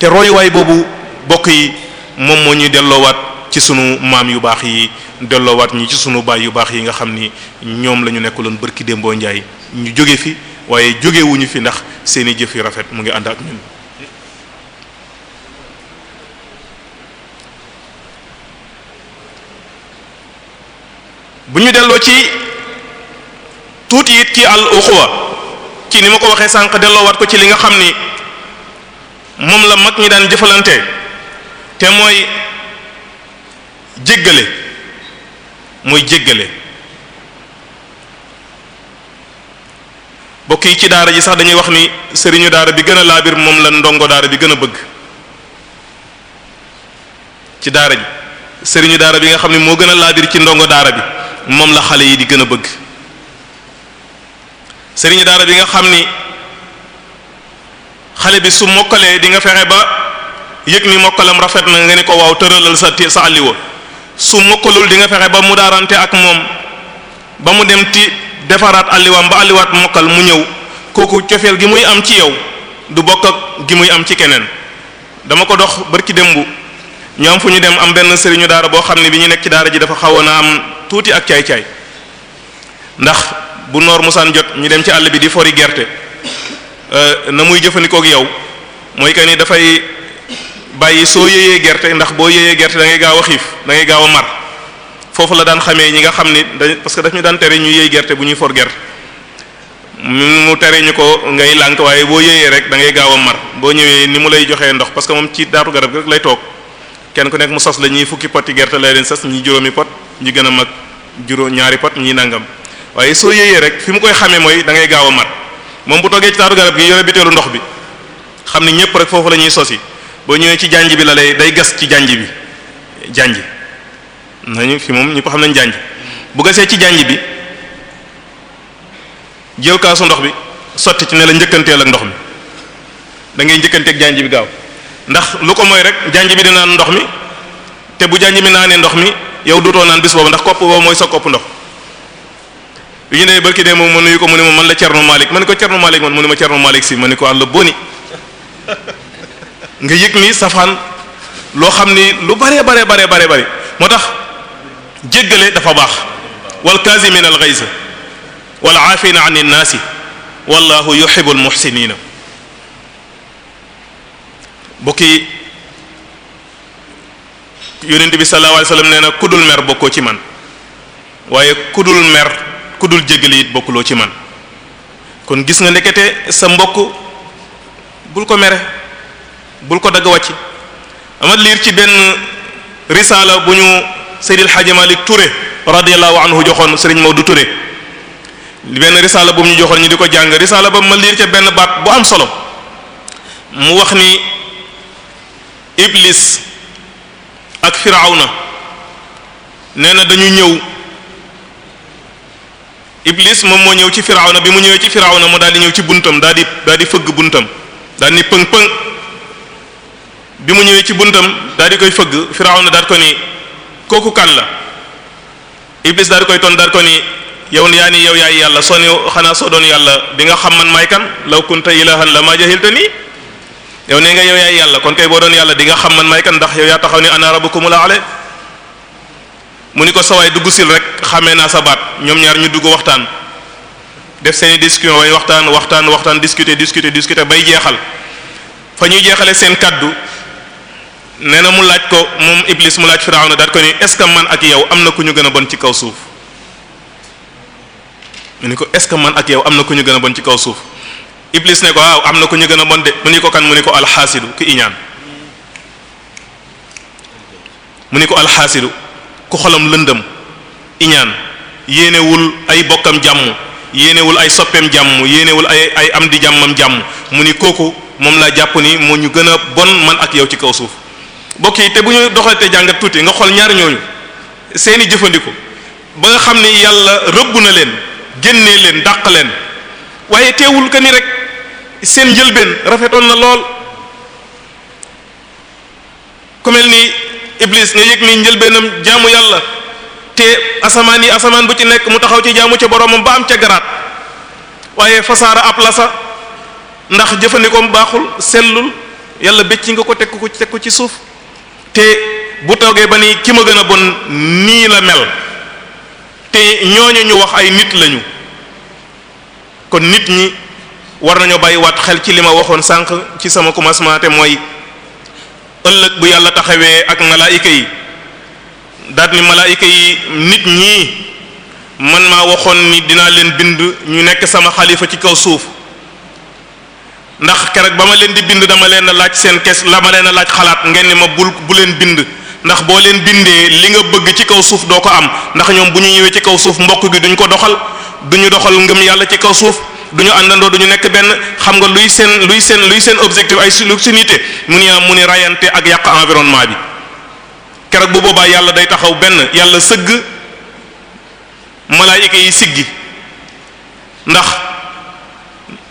te royuwaay boobu bokk yi moom moo ñuy delloowaat ci sunu maam yu baax yi delloowaat ñi ci sunu baay yu baax yi nga xam ni ñoom la ñu loon bërki démboo njaay ñu jóge fi waaye jógewuñu fi ndax seeni jëf yu rafet mu ngi ànd ak ñun bu ñu delloo ci tuuti it ci al uxuwa ci ni ma ko waxee sànq delloo waat ko ci li nga xam ni moom la mag ñi daan jëfalante te mooy jéggale mooy jéggale bokk yi ci daara ji sax dañuy wax ni sëriñu daara bi gën a laabir moom la ndongo daara bi gën a bëgg ci daara ji sëriñu daara bi nga xam ne moo gën a laabir ci ndongo daara bi moom la xale yi di gën a bëgg sëriñu daara bi nga xam ni xale bi su mokkalee di nga fexe ba yëg ni mokkalam rafet na nga ni ko waaw tëralal sa sa àlliwa su mokkalul di nga fexe ba mu daarante ak moom ba mu dem ti defaraat àlliwaam ba àlliwaat mokkal mu ñëw kooku cofeel gi muy am ci yow du bokk ak gi muy am ci keneen dama ko dox barki démb ñoom fu ñu dem am benn sëriñu daara boo xam ne bi ñu nekk ci daara ji dafa xawoon a am tuuti ak caay-caay ndax bu noor musaan jot ñu dem ci àll bi di fori gerte euh, na muy jëfandikoo ak yow mooy que ni dafay bàyyi soo yëyee gerte ndax boo yëyee gerte da ngay gaaw a xiif da ngay gaaw a mar foofu la daan xamee ñi nga xam ni dañ parce que daf ñu daan tere ñu yëy gerte bu ñuy for gerte mu tere ñu ko ngay lànk waaye boo yëyee rek da ngay gaaw a mar boo ñëwee ni mu lay joxee ndox parce que moom ci daatu garab rek lay toog. kenn ku nekk mu sos la ñuy fukki pot yi gerte lay leen sas ñi juróomi pot ñi gën a mag juróom ñaari pot ñi nangam waaye soo yéeyee rek fi mu koy xamee mooy da ngay gaaw a mat moom bu toogee ci taatu garab gi yore biteelu ndox bi xam ne ñëpp rek foofu lañuy ñuy sosi boo ñëwee ci jànj bi la lay day gas ci jànj bi janj nañu fi moom ñu ko xam nañ janj bu gasee ci jànj bi jël kaasu ndox bi sotti ci ne la njëkkanteel ak ndox mi dangay ngay njëkkanteeg janj bi gaaw ndax lu ko moy rek jànj bi dina naan ndox mi te bu janj mi naanee ndox mi yow duutoo naan bis boobu ndax kopp boobu mooy sa kopp ndox yu ñu dee barki dee moom ma nuyu ko mu ne ma man la Cerno ne ko Cerno Malik man mu ne ma Cerno Malik ko àll boni yëg ni safaan loo xam ni lu bare bare bare bare bare moo tax jéggale dafa baax wal kaasimin al ghayz wal aafina an innaasi wallahu yuhibbul muhsiniina mbokk yi yonent bi sallallahu alayhi wasallam nee na mer bokkoo ci man waaye kudul mer kudul jégali it bokkuloo ci man kon gis nga ndekete sa mbokk bul ko mere bul ko dagg wàcc amat liir ci benn risaala bu ñu Seydil Hadji Malick Touré radiyallahu anhu joxoon Serigne du Touré benn risaala bu mu ñu joxoon ñi di ko jàng risaala ba ma liir ca benn baat bu am solo mu wax ni iblis ak firaaw na nee na dañu ñëw iblis moom moo ñëw ci na bi mu ñëwee ci na mu daal di ñëw ci buntam daal di fëgg buntam daal ni pëng pëng bi mu ñëwee ci buntam daal di koy fëgg firawna daal ko ni kooku kan la iblis daal di koy ton daal ko ni yow yaa ni yow yaay yàlla soo ni xanaa soo doon yàlla bi nga xam man maay kan law kunta ilahan la ma jahilta nii yow nee nga yow yaay yàlla kon kay boo doon yàlla di nga xam man may kan ndax yow yaa taxaw ni ana rabbukumul ko mu ni ko sawaay dugg sil rek xamee naa sa baat ñoom ñaar ñu dugg waxtaan def seeni discussion way waxtaan waxtaan waxtaan discuter discuter discuter bay jeexal fa ñuy jeexale seen kàddu nee na mu laaj ko moom iblis mu laaj firawna daat ko ni est ce que man ak yow am na ku ñu gën a bon ci kaw suuf mu ni ko est ce que man ak yow am na ku ñu gën a bon ci kaw suuf iblis ne ko waaw am na ko ñu gën a bon de mu ni ko kan mu ni ko alxaasidu ki iñaan mu ko alxaasidu ku xolam lëndëm iñaan yéenewul ay bokkam jàmm yéenewul ay soppeem jàmm yéenewul ay ay am di jàmmam jàmm mu ni kooku moom laa jàpp ni moo ñu gën a bon man ak yow ci kaw suuf bokk yi te bu ñu doxatee jàngat tuuti nga xool ñaar ñooñu seeni jëfandiku ba nga xam ni yàlla rëbb na leen génnee leen dàq leen waaye teewul que ni rek seen njëlbeen rafetoon na lool ku mel ni Iblis nga yëg ni njëlbeenam jàmm yàlla te asamaan yi asamaan bu ci nekk mu taxaw ci jàmm ci boromam ba am ca garaat waaye fasaara ab la sa ndax jëfandikoom baaxul sellul yàlla bécci nga ko teg ko teg ko ci suuf te bu toogee ba ni ki ma gën a bon nii la mel te ñooñu ñu wax ay nit lañu. kon nit ñi war nañoo bàyyiwaat xel ci li ma waxoon sànq ci sama commencement te mooy ëllëg bu yàlla taxawee ak malaayika yi daat ni malaayika yi nit ñi man maa waxoon ni dinaa leen bind ñu nekk sama xalifa ci kaw suuf ndax keroog ba ma leen di bind dama leen a laaj seen kes la ma leen a laaj xalaat ngeen ni ma bul bu leen bind ndax boo leen bindee li nga bëgg ci kaw suuf doo ko am ndax ñoom bu ñu ñëwee ci kaw suuf mbokk gi duñ ko doxal du ñu doxal ngëm yàlla ci kaw suuf du àndandoo du nekk benn xam nga luy seen luy seen luy seen objectif ay lu seen yitte mu ni ah, mu ni rayante ak yàq environnement bi keroog bu boobaa yàlla day taxaw benn yàlla sëgg malaayika yi siggi ndax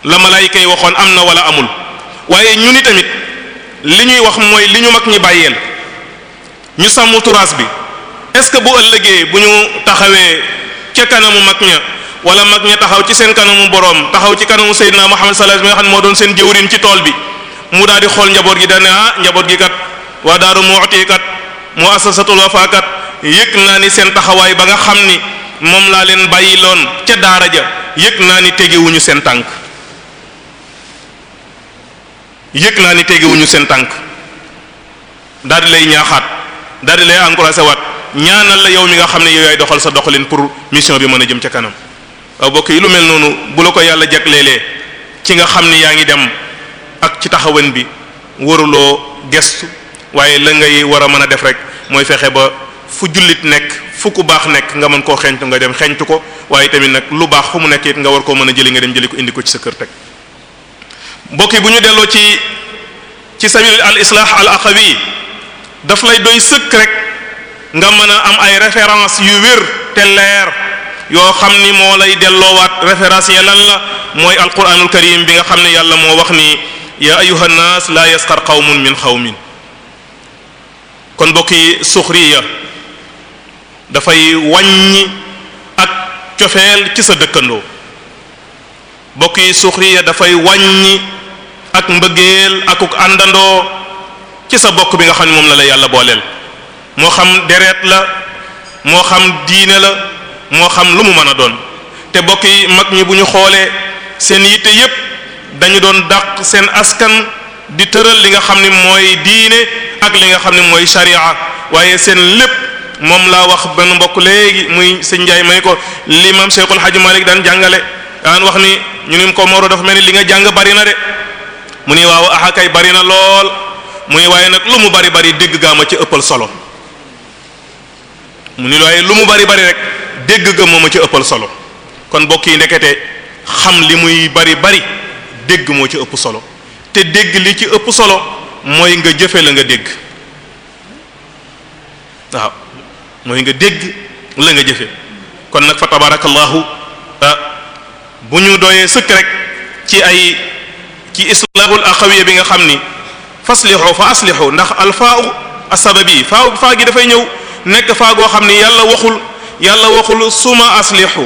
la malaayika yi waxoon am na wala amul waaye ñu ni tamit li ñuy wax mooy li ñu mag ñi bàyyeel ñu sàmm turaas bi est-ce que bu ëllëgee bu ñu taxawee ca kanamu mag ña wala mag ña taxaw ci seen kanamu boroom taxaw ci kanamu Seydina Muhammad sallallahu alayhi wasallam nga xam ne moo doon seen jëwriñ ci tool bi mu daal di xool njaboot gi daal ne ah, njaboot gi kat waa Daaru Muxti kat mu asasatul Wafa kat yëg naa ni seen taxawaay ba nga xam ni moom laa leen bàyyi loon ca daara ja yëg naa ni tegewuñu seen tànk yëg naa ni tegewuñu seen tànk daal lay ñaaxaat daal di lay encouragé waat ñaanal la yow mi nga xam ne yow yaay doxal sa doxalin pour mission bi mën a jëm ca kanam. waaw yi lu mel noonu bu la ko yàlla jagleelee ci nga xam ni yaa ngi dem ak ci taxawan bi waruloo gestu waaye la ngay war a mën a def rek mooy fexe ba fu jullit nekk fu ku baax nekk nga mën koo xeeñtu nga dem xeeñtu ko waaye tamit nag lu baax fu mu nekk it nga war koo mën a jëli nga dem jëli ko indi ko ci sa kër teg mbokk bu ñu delloo ci ci sabil al islah al aqawi daf lay doy sëkk rek nga mën a am ay référence yu wér te leer yoo xam ni moo lay delloowaat référence ya lan la mooy alquranul karim bi nga xam ne yàlla moo wax ni ya ayuha nnaas la yasxar qawmun min qawmin kon bokki suxriya dafay wàññi ak cofeel ci sa dëkkandoo bokki suxriya dafay wàññi ak mbëggeel akuk àndandoo ci sa bokk bi nga xam ne moom la la yàlla booleel moo xam deret la moo xam diine la moo xam lu mu mën a doon te bokk yi mag ñi bu ñu xoolee seen yitte yépp dañu doon dàq seen askan di tëral li nga xam ni mooy diine ak li nga xam ni mooy sharia waaye seen lépp moom laa wax benn mbokk léegi muy sëñ Njaay may ko ma maam Cheikhul Hadji Malick daan jàngale wax ni ñu ni ko Moro dafa mel ni li nga jàng bari na de mu ni waaw axakay bari na lool mu ni waaye nag lu mu bari bari dégg gaa ma ci ëppal solo mu ni waaye lu mu bari bari rek dégg ga moom a ci ëppal solo kon mbokk yi ndekete xam li muy bari bari dégg moo ci ëpp solo te dégg li ci ëpp solo mooy nga jëfe la nga dégg waaw mooy nga dégg la nga jëfe kon nag fa tabarakallahu ah, bu ñu doyee sëkk rek ci ay ci islaahul axawiya bi nga xam ni faslixu fa aslixu ndax alfaau asababi faa faa gi dafay ñëw nekk faa goo xam ni yàlla waxul yàlla waxul suma aslihu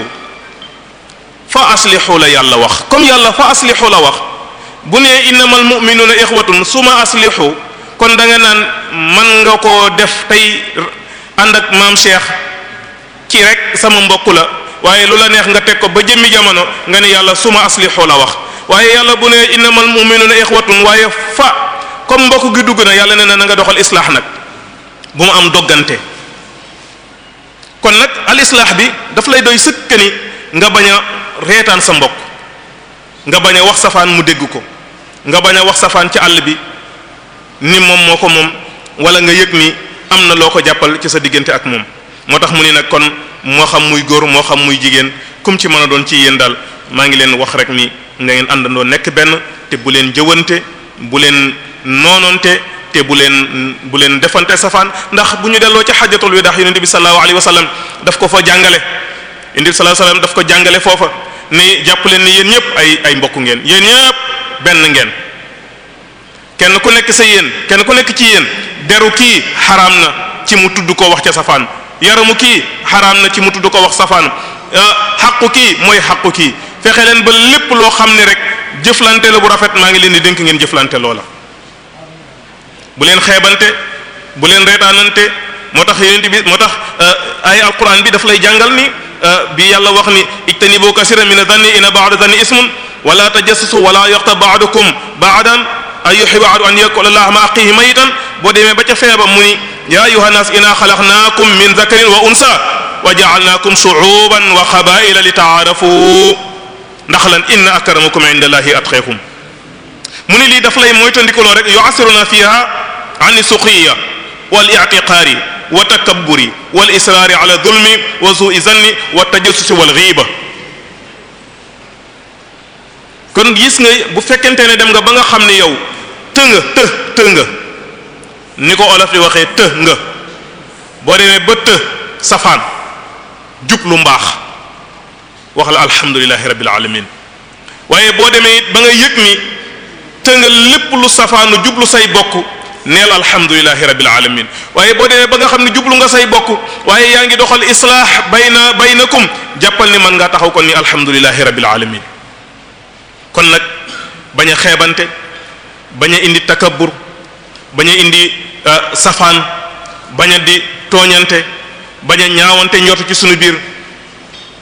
fa aslihu la yàlla wax comme yàlla fa aslihu la wax bu nee innamal mu'minuna ixwatun suma aslihu kon da nga naan man nga ko def tey ànd ak maam Cheikh kii rek sama mbokk la waaye lu la neex nga teg ko ba jëmmi jamono nga ne yàlla suma aslihu la wax waaye yàlla bu nee innamal na ixwatun waaye fa comme mbokk gi dugg na yàlla nee na nga doxal islaax nag bu mu am doggante kon nag al bi daf lay doy sëkk ni nga bañ a reetaan sa mbokk nga bañ a wax safaan mu dégg ko nga bañ a wax safaan ci àll bi ni moom moo ko moom wala nga yëg ni am na loo ko jàppal ci sa diggante ak moom moo tax mu ni nag kon moo xam muy góor moo xam muy jigéen kum ci mën a doon ci yéen daal maa ngi leen wax rek ni nga ngeen àndandoo nekk benn te bu leen jëwante bu leen noonoonte te bu leen bu leen defante safaan ndax bu ñu delloo ca xajatul wida yonent bi sallallahu alayhi wa sallam daf ko fa jàngale indi bi sallallahu wa sallam daf ko jàngale foofa ni jàpp leen ni yéen ñëpp ay ay mbokk ngeen yéen ñëpp benn ngeen kenn ku nekk sa yéen kenn ku nekk ci yéen deru kii xaraam na ci mu tudd ko wax ca safaan yaramu kii xaraam na ci mu tudd ko wax safaan euh, xaqu kii mooy xaqu kii fexe leen ba lépp loo xam ne rek jëflante la bu rafet maa ngi di dénk ngeen jëflante loola bu leen xeebante bu leen reetaanante moo tax yonent bi moo tax euh, ay alquran bi daf lay jàngal ni euh, bi yàlla wax ni ijtanibu kasiran mina zanni inna ba'da zanni ismun wala tajassasu wala yaqtab ba'dukum ba'dan ayuhibbu ahadu an yakula allaha ma aqihi mayitan boo demee ba ca feeba mu ni ya ayyuha nas inna xalaqnakum min zakarin wa unsa wa ja'alnakum shu'uban wa qaba'ila li ta'arafu ndax lan inna akramakum inda allahi atqakum mu ne lii daf lay moytandikuloo rek yu'asiruna fiha an suqiya wal i'tiqaari wa takabburi wal israari ala dulmi wa su'i zanni wa tajassusi wal ghiiba kon gis nga bu fekkente ne dem nga ba nga xam ne yow të nga ni ko olof di waxee të boo demee ba safaan jub mbaax wax la alhamdulilahi rabbil waaye boo demee ba nga yëg ni te nga lépp lu safaanu jublu say bokk neel alhamdulilahi rabbil alamin waaye boo demee ba nga xam ne jublu nga say bokk waaye yaa ngi doxal islaax bayna baynakum jàppal ni mën ngaa taxaw kon ni alhamdulilahi rabbil alamin kon nag bañ a xeebante bañ a indi takabbur bañ indi euh, safaan bañ a di tooñante bañ a ñaawante njort ci sunu biir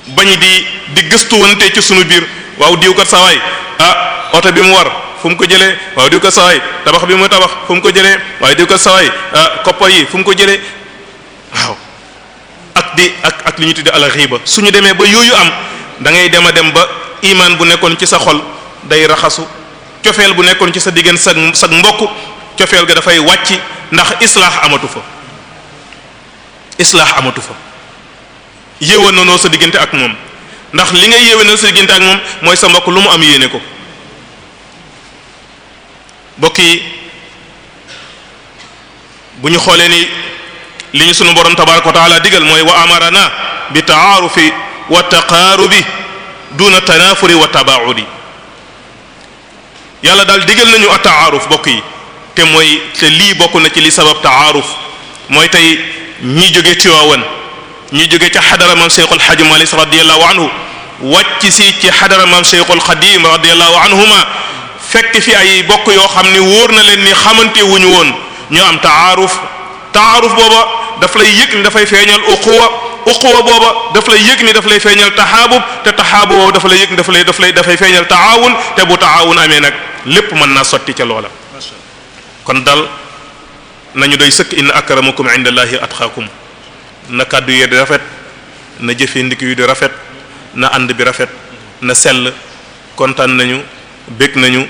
bañ di di gëstuwante ci sunu biir waaw diw kat sa waay ah oto bi mu war fu mu ko jëlee waaw diw ko sawaay tabax bi mu tabax fu mu ko jëlee waaye diw ko sawaay ah, koppar yi fu mu ko jëlee waaw ak di ak ak li ñu tuddee ala xiiba su ñu demee ba yooyu am da ngay dem a dem ba imaan bu nekkoon ci sa xol day raxasu cofeel bu nekkoon ci sa diggante sa sa mbokk cofeel ga dafay wàcc ndax islaax amatu fa islaax amatu fa yéwénoo sa diggante ak moom ndax li ngay yéwénoo sa diggante ak moom mooy sa mbokk lu mu am yéene ko mbokk yi bu ñu xoolee ni li ñu sunu borom tabaraka wa taala digal mooy wa amarana bi taarufi wa taqaarubi duna tanafuri wa tabaudi yàlla daal digal nañu a taaruf mbokk yi te mooy te lii bokk na ci li sabab taaruf mooy tey ñi jóge Tiwaawan ñi jóge ca xadara maam Cheikhul Xaji Maalik radiyallahu anhu wàcc si ci xadara maam Cheikhul Xadim radiyallahu anhuma fekk fi ay bokk yoo xam ni wóor na leen ni xamantewuñu woon ñu am taaruf taaruf booba daf lay yëg ni dafay feeñal uquwa uquwa booba daf lay yëg ni daf lay feeñal taxaabub te taxaabub booba dafa lay yëg ni daf lay daf lay dafay feeñal taawun te bu taawun amee nag lépp mën naa sotti ca loola kon dal nañu doy sëkk inna akramakum inda allahi atqaakum na kàddu yee rafet na jëfe ndik yu di rafet na ànd bi rafet na sell kontaan nañu bég nañu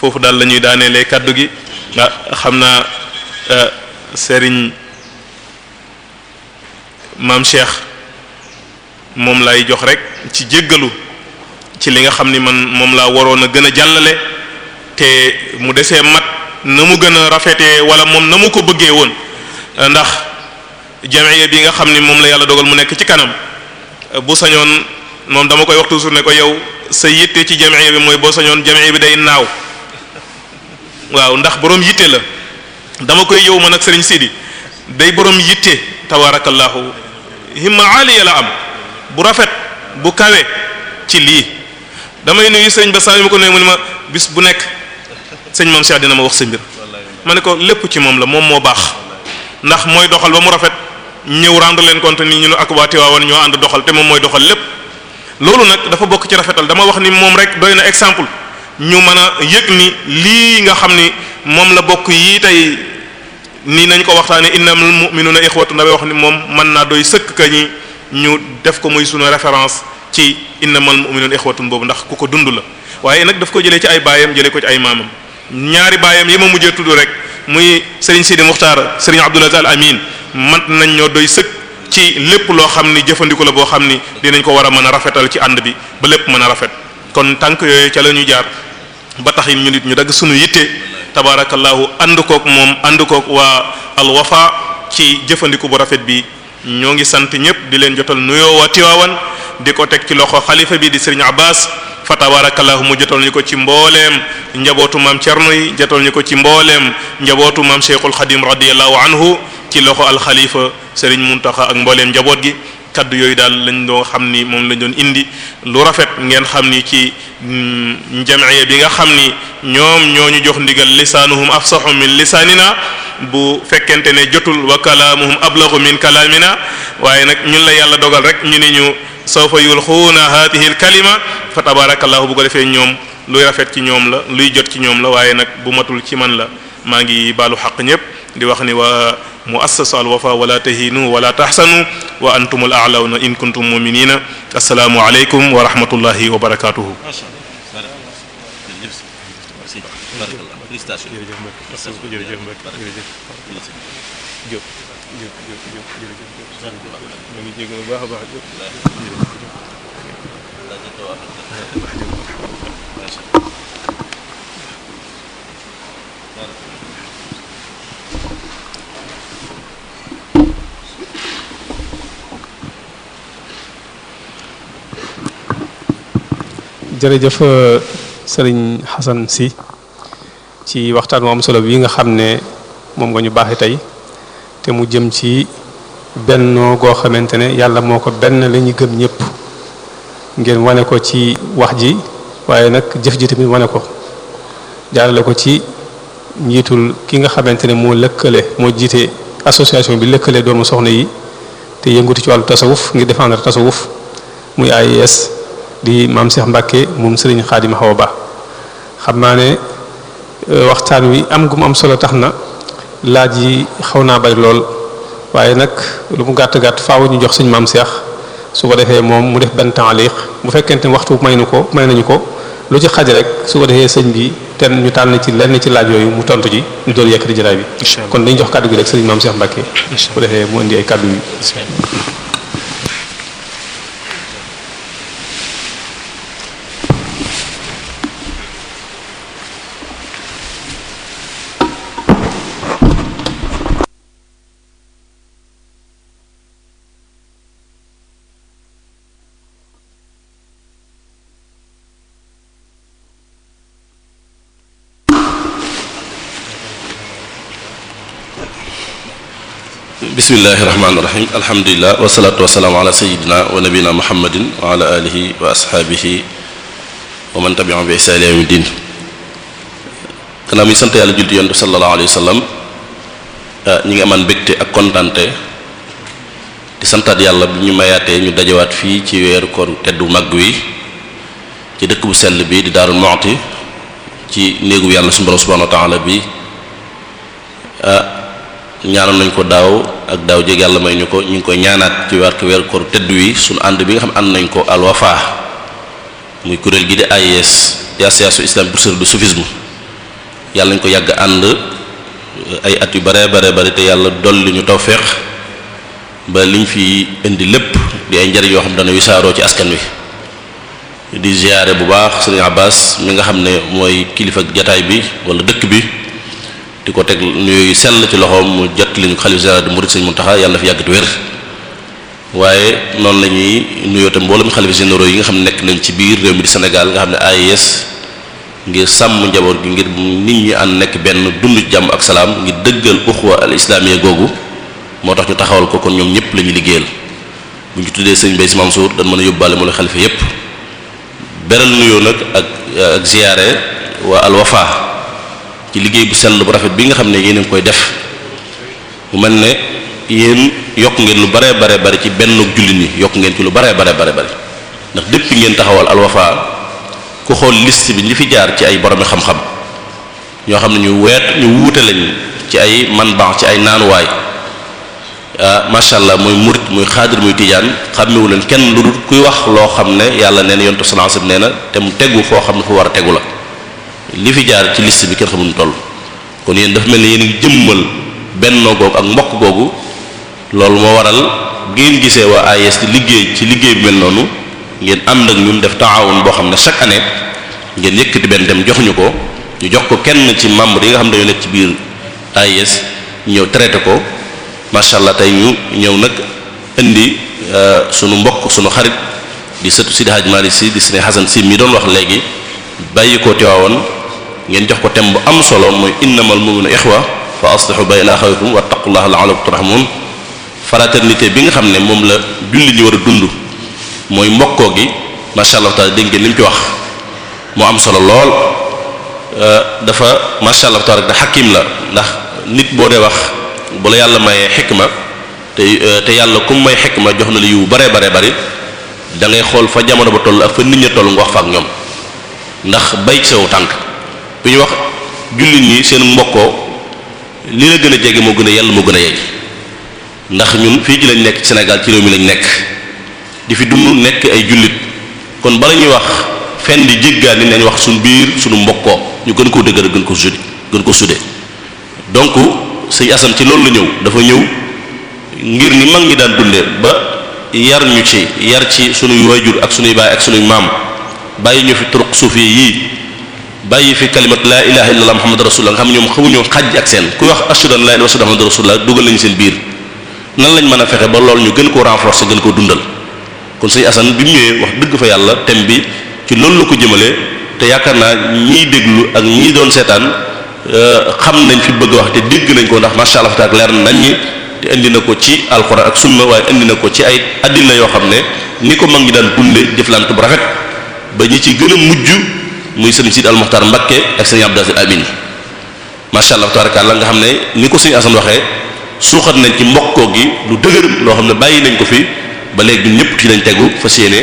foofu daal la ñuy daaneelee kaddu gi nga ah, xam naa eh, Serigne maam Cheikh moom lay jox rek ci jéggalu ci li nga xam ni man moom laa waroon a gën a jàllale te mu desee mat na mu gën a rafetee wala moom na mu ko bëggee woon ndax jamiya bi nga xam ni moom la yàlla dogal mu nekk ci kanam bu sañoon moom dama koy wax toujours ne ko yow sa yitte ci jamee bi mooy boo sañoon jamee bi day naaw waaw ndax borom yitte la dama koy yow man ak sëriñ Sidi day borom yitte tabaarakallaahu himma aaliya la am bu rafet bu kawe ci lii damay nuyu sëriñ ba saa yu ma ko nuyu mu ne ma bis bu nekk sëñ Mame Cheikh dina ma wax sa mbir ma ne ko lépp ci moom la moom moo baax ndax mooy doxal ba mu rafet ñëw rendre leen compte ni ñu ne ak waa ñoo ànd doxal te moom mooy doxal lépp. loolu nag dafa bokk ci rafetal dama wax ni moom rek doy na exemple ñu mën a yëg ni lii nga xam ni moom la bokk yi tey nii nañ ko waxtaanee innamal mu'minuna ikhwatu dafay wax ni moom mën naa doy sëkk ka ñi ñu def ko muy sunu référence ci innamal mu'minuna ikhwatun boobu ndax ku ko dund la waaye nag daf ko jëlee ci ay baayam jëlee ko ci ay maamam ñaari baayam yi ma mujjee tudd rek muy Serigne Sidi Muxtaar Serigne Abdoul Aziz Al Amin mat nañ ñoo doy sëkk. ci lépp loo xam ni jëfandiku la boo xam ni dinañ ko war a mën a rafetal ci ànd bi ba lépp mën a rafet kon tànk yooyu ca la jaar ba tax it ñu nit ñu dagg suñu yitte tabaarakallaahu ànd kook moom ànd kook waa alwafa ci jëfandiku bu rafet bi ñoo ngi sant ñëpp di leen jotal nuyoo waa Tiwaawan di ko teg ci loxo xalifa bi di Serigne Abbas fa tabarakallahu mu jotal ñu ko ci mbooleem njabootu maam Cerno yi jotal ñu ko ci mbooleem njabootu maam Cheikhul Xadim radiyallahu anhu ci loxo alxalifa Serigne Mountakha ak mbooleem njaboot gi kaddu yooyu daal lañ doo xam ni moom lañ doon indi lu rafet ngeen xam ni ci njamiya mm, bi nga xam ni ñoom ñoo ñu jox ndigal lisaanuhum afsahu min lisaanina bu fekkente ne jotul wa kalaamuhum ablagu min kalaamina waaye nag ñun la yàlla dogal rek ñu ni ñu sawfa yulxuuna haatihi al kalima fa tabarakallahu bu ko defee ñoom luy rafet ci ñoom la luy jot ci ñoom la waaye nag bu matul ci man la maa ngi baalu xaq ñépp di wax ni wa waa muassasa al wafa wala tahinu wala tahsanu wa antum al a'lawna in kuntum mu'minina assalamu alaykum wa rahmatullahi wa barakatuh jërëjëf jërëjëf euh, sëriñ Xasan si ci waxtaan wu am solo bi nga xam ne moom nga ñu baaxee tey te mu jëm ci bennoo goo xamante ne yàlla moo ko benn la ñu gëm ñëpp ngeen wane ko ci wax ji waaye nag jëf ji tamit wane ko jaarale ko ci njiitul ki nga xamante ne moo lëkkale moo jiite association bi lëkkale doomu soxna yi te yëngatu ci wàllu tasawuf ngir défendre tasawuf muy AIS. di maam Cheikh Mbacke moom Serigne Khadim Awa Ba xam naa ne euh, waxtaan wi am gu mu am solo tax na laaj yi xaw naa bari lool waaye nag lu mu gàtt gàtt faaw ñu jox suñu maam Cheikh su ko defee moom mu def benn taaliq bu fekkente ne waxtu may nu ko may nañu ko lu ci xaj rek su ko defee sëñ bi ten ñu tànn ci lenn ci laaj yooyu mu tontu ji ñu doon yëkkati jaraay bi. kon dañu jox kàddu bi rek Serigne maam Cheikh Mbacke. su ko defee mu indi ay kàddu yi. bismillahi rahmaani rahim alhamdulilah wasalaatu wasalaamu ala sayidina wa nabina muhammadin wa ala alihi wa ashaabihi wa man tabiahum bi ihsaan mi sant yàlla julti yonent sallallahu alayhi wa sallam ah, ñi santaat yàlla bi ñu mayaatee ñu dajawaat fii ci weeru koor teddu mag wi ci dëkk bu sell bi di Daaru Muxti ci néegu yàlla suñu borom wa taala bi ah, ñaanoon nañ ko daaw ak daaw jéeg yàlla may ñu ko ñu ngi koy ñaanaat ci wàq weer ko tëdd wi suñu ànd bi nga xam ànd nañ ko Al muy kuréel gi di AIS di association islamique pour servir du soufisme yàlla nañ ko yàgg ànd euh, ay at yu bare bare bari te yàlla dolli ñu tawféex ba liñ fi indi lépp di ay njëriñ yoo xam dana wisaaroo ci askan wi di ziyaare bu baax sëriñ Abbas mi nga xam ne mooy kilifa jataay bi wala dëkk bi di ko teg nuyu sell ci loxoom mu jot li ñu xalif général de Mouride sëñ Mountakha yàlla na fi yàgg te waaye noonu la ñuy nuyoo te mboolem xalif généraux yi nga xam ne nekk nañ ci biir réew mi di Sénégal nga xam ne AIS ngir sàmm njaboot gi ngir nit ñi ànd nekk benn dund jàmm ak salaam ngir dëggal uxwa al islaamiya googu moo tax ñu taxawal ko kon ñoom ñëpp la ñuy liggéeyal bu ñu tuddee sëñ Bay Si Mansour dañ mën a yóbbaale moo la xalifa yëpp beral nuyoo ak ak ziyaare ci liggéey bu sell bu rafet bi nga xam ne yéen a koy def mu mel ne yéen yokk ngeen lu bare bare bari ci benn jullit ñi yokk ngeen ci lu bare bare bare bari ndax depuis ngeen taxawal Al Wafa ku xool list bi li fi jaar ci ay boromi xam-xam ñoo xam ne ñu weet ñu wuute lañ ci ay man baax ci ay naanuwaay ah macha allah muy murit muy xaadir muy tijaan xàmmewu leen kenn lu dul kuy wax loo xam ne yàlla nee na yontu sallallahu nee na te mu tegu foo xam ne fu war a tegu la. li fi jaar ci list bi kenn xamul toll kon yéen dafa mel ni yéen ngi jëmmal bennoo googu ak mbokk googu loolu moo waral bu ngeen gisee waa AIS e di liggéey ci liggéey bi mel noonu ngeen am nag ñun def taawun boo xam ne chaque année ngeen yëkkati benn dem joxuñu ko ñu jox ko kenn ci membre yi nga xam ne dañoo nekk ci biir AIS e ñëw traité ko macha allah tey ñu ñëw nag indi euh, sunu mbokk sunu xarit di sëtu Sidi Hadj Malick si di Sidi Hassan si mi doon wax léegi bàyyi ko teewaawoon. ngeen jox ko thème bu am solo mooy innamal mu'minuna ikhwa fa aslihu bayna akhawaykum wattaqullaha la'allakum turhamun fraternité bi nga xam ne moom la julli ñi war a dund mooy gi macha allah li mu ci wax moo am solo lool euh, dafa macha allah taala la ndax nit boo dee wax bu la yàlla mayee xikma te euh, te yàlla ku may xikma jox na la yu bare bare bari da ngay xool fa jamono ba toll ak fa nit ña toll nga wax fa ak ñoom ndax bay ci tànk. bu ñu wax jullit ñi seen mbokkoo ni la gën a jege moo gën a yàlla moo gën a yey ndax ñun fii ci lañ nekk Sénégal ci réew mi lañ nekk di fi dund nekk ay jullit kon bala ñuy wax fenn di jéggaani nañ wax suñu biir suñu mbokkoo ñu gën koo dëgër gën ko sud gën ko sudee donc sëñ asam ci loolu la ñëw dafa ñëw ngir ni mag ñi daan dundee ba yar ñu ci yar ci sunuy waajur ak sunuy baay ak sunuy maam bàyyi ñu fi turuq suufi yii bàyyi fi kalimatu laa ilaha illallah muhammadu rasulullah nga xam ñoom xamuñoo xaj ak seen kuy wax ashhadu an laa ilaha illallah muhammadu rasulullah dugal nañ seen biir nan lañ mën a fexe ba loolu ñu gën koo renforcer gën koo dundal kon sëñ Assane bi mu ñëwee wax dëgg fa yàlla thème bi ci loolu la ko jëmale te yaakaar naa ñii déglu ak ñi doon seetaan euh, xam nañ fi bëgg wax te dégg nañ ko ndax macha allah taala leer nañ ñi te indi na ko ci alquran ak sunna waaye indi na ko ci ay addina yoo xam ne ni ko mag ñi daan dunde jëflante bu rafet ba ci gën a muy sëriñ Sidi Almuxtaar Mbakke ak sëriñ Abdou Aziz Amin macha allah tabarakallah nga xam ne ni ko sëriñ Assane waxee suuxat nañ ci mbokkoo gi lu dëgër loo xam ne bàyyi nañ ko fi ba léegi ñun ñëpp ci lañ tegu fa yéene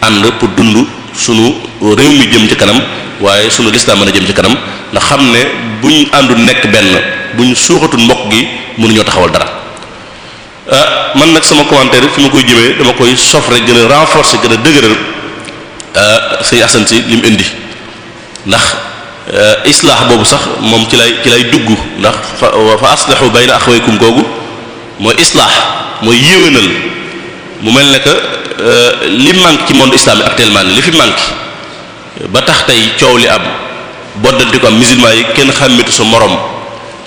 ànd pour dund sunu réew mi jëm ci kanam waaye sunu lislaam mën a jëm ci kanam ndax xam ne buñ àndul nekk benn buñ suuxatul mbokk gi mënuñoo taxawal dara ah man nag sama commentaire fi ma koy jëmee dama koy sof rek gën a renforcer gën a dëgëral ah, sëñ Assane indi. ndax euh, islaax boobu sax moom ci lay ci lay dugg ndax fa aslihu bayna axawaykum googu mooy islaax mooy yéwénal mu mel ne que euh, li manque ci monde islamique actuellement li fi manque ba tax tey coow li am boddante ko am musulman yi kenn xàmmitu sa morom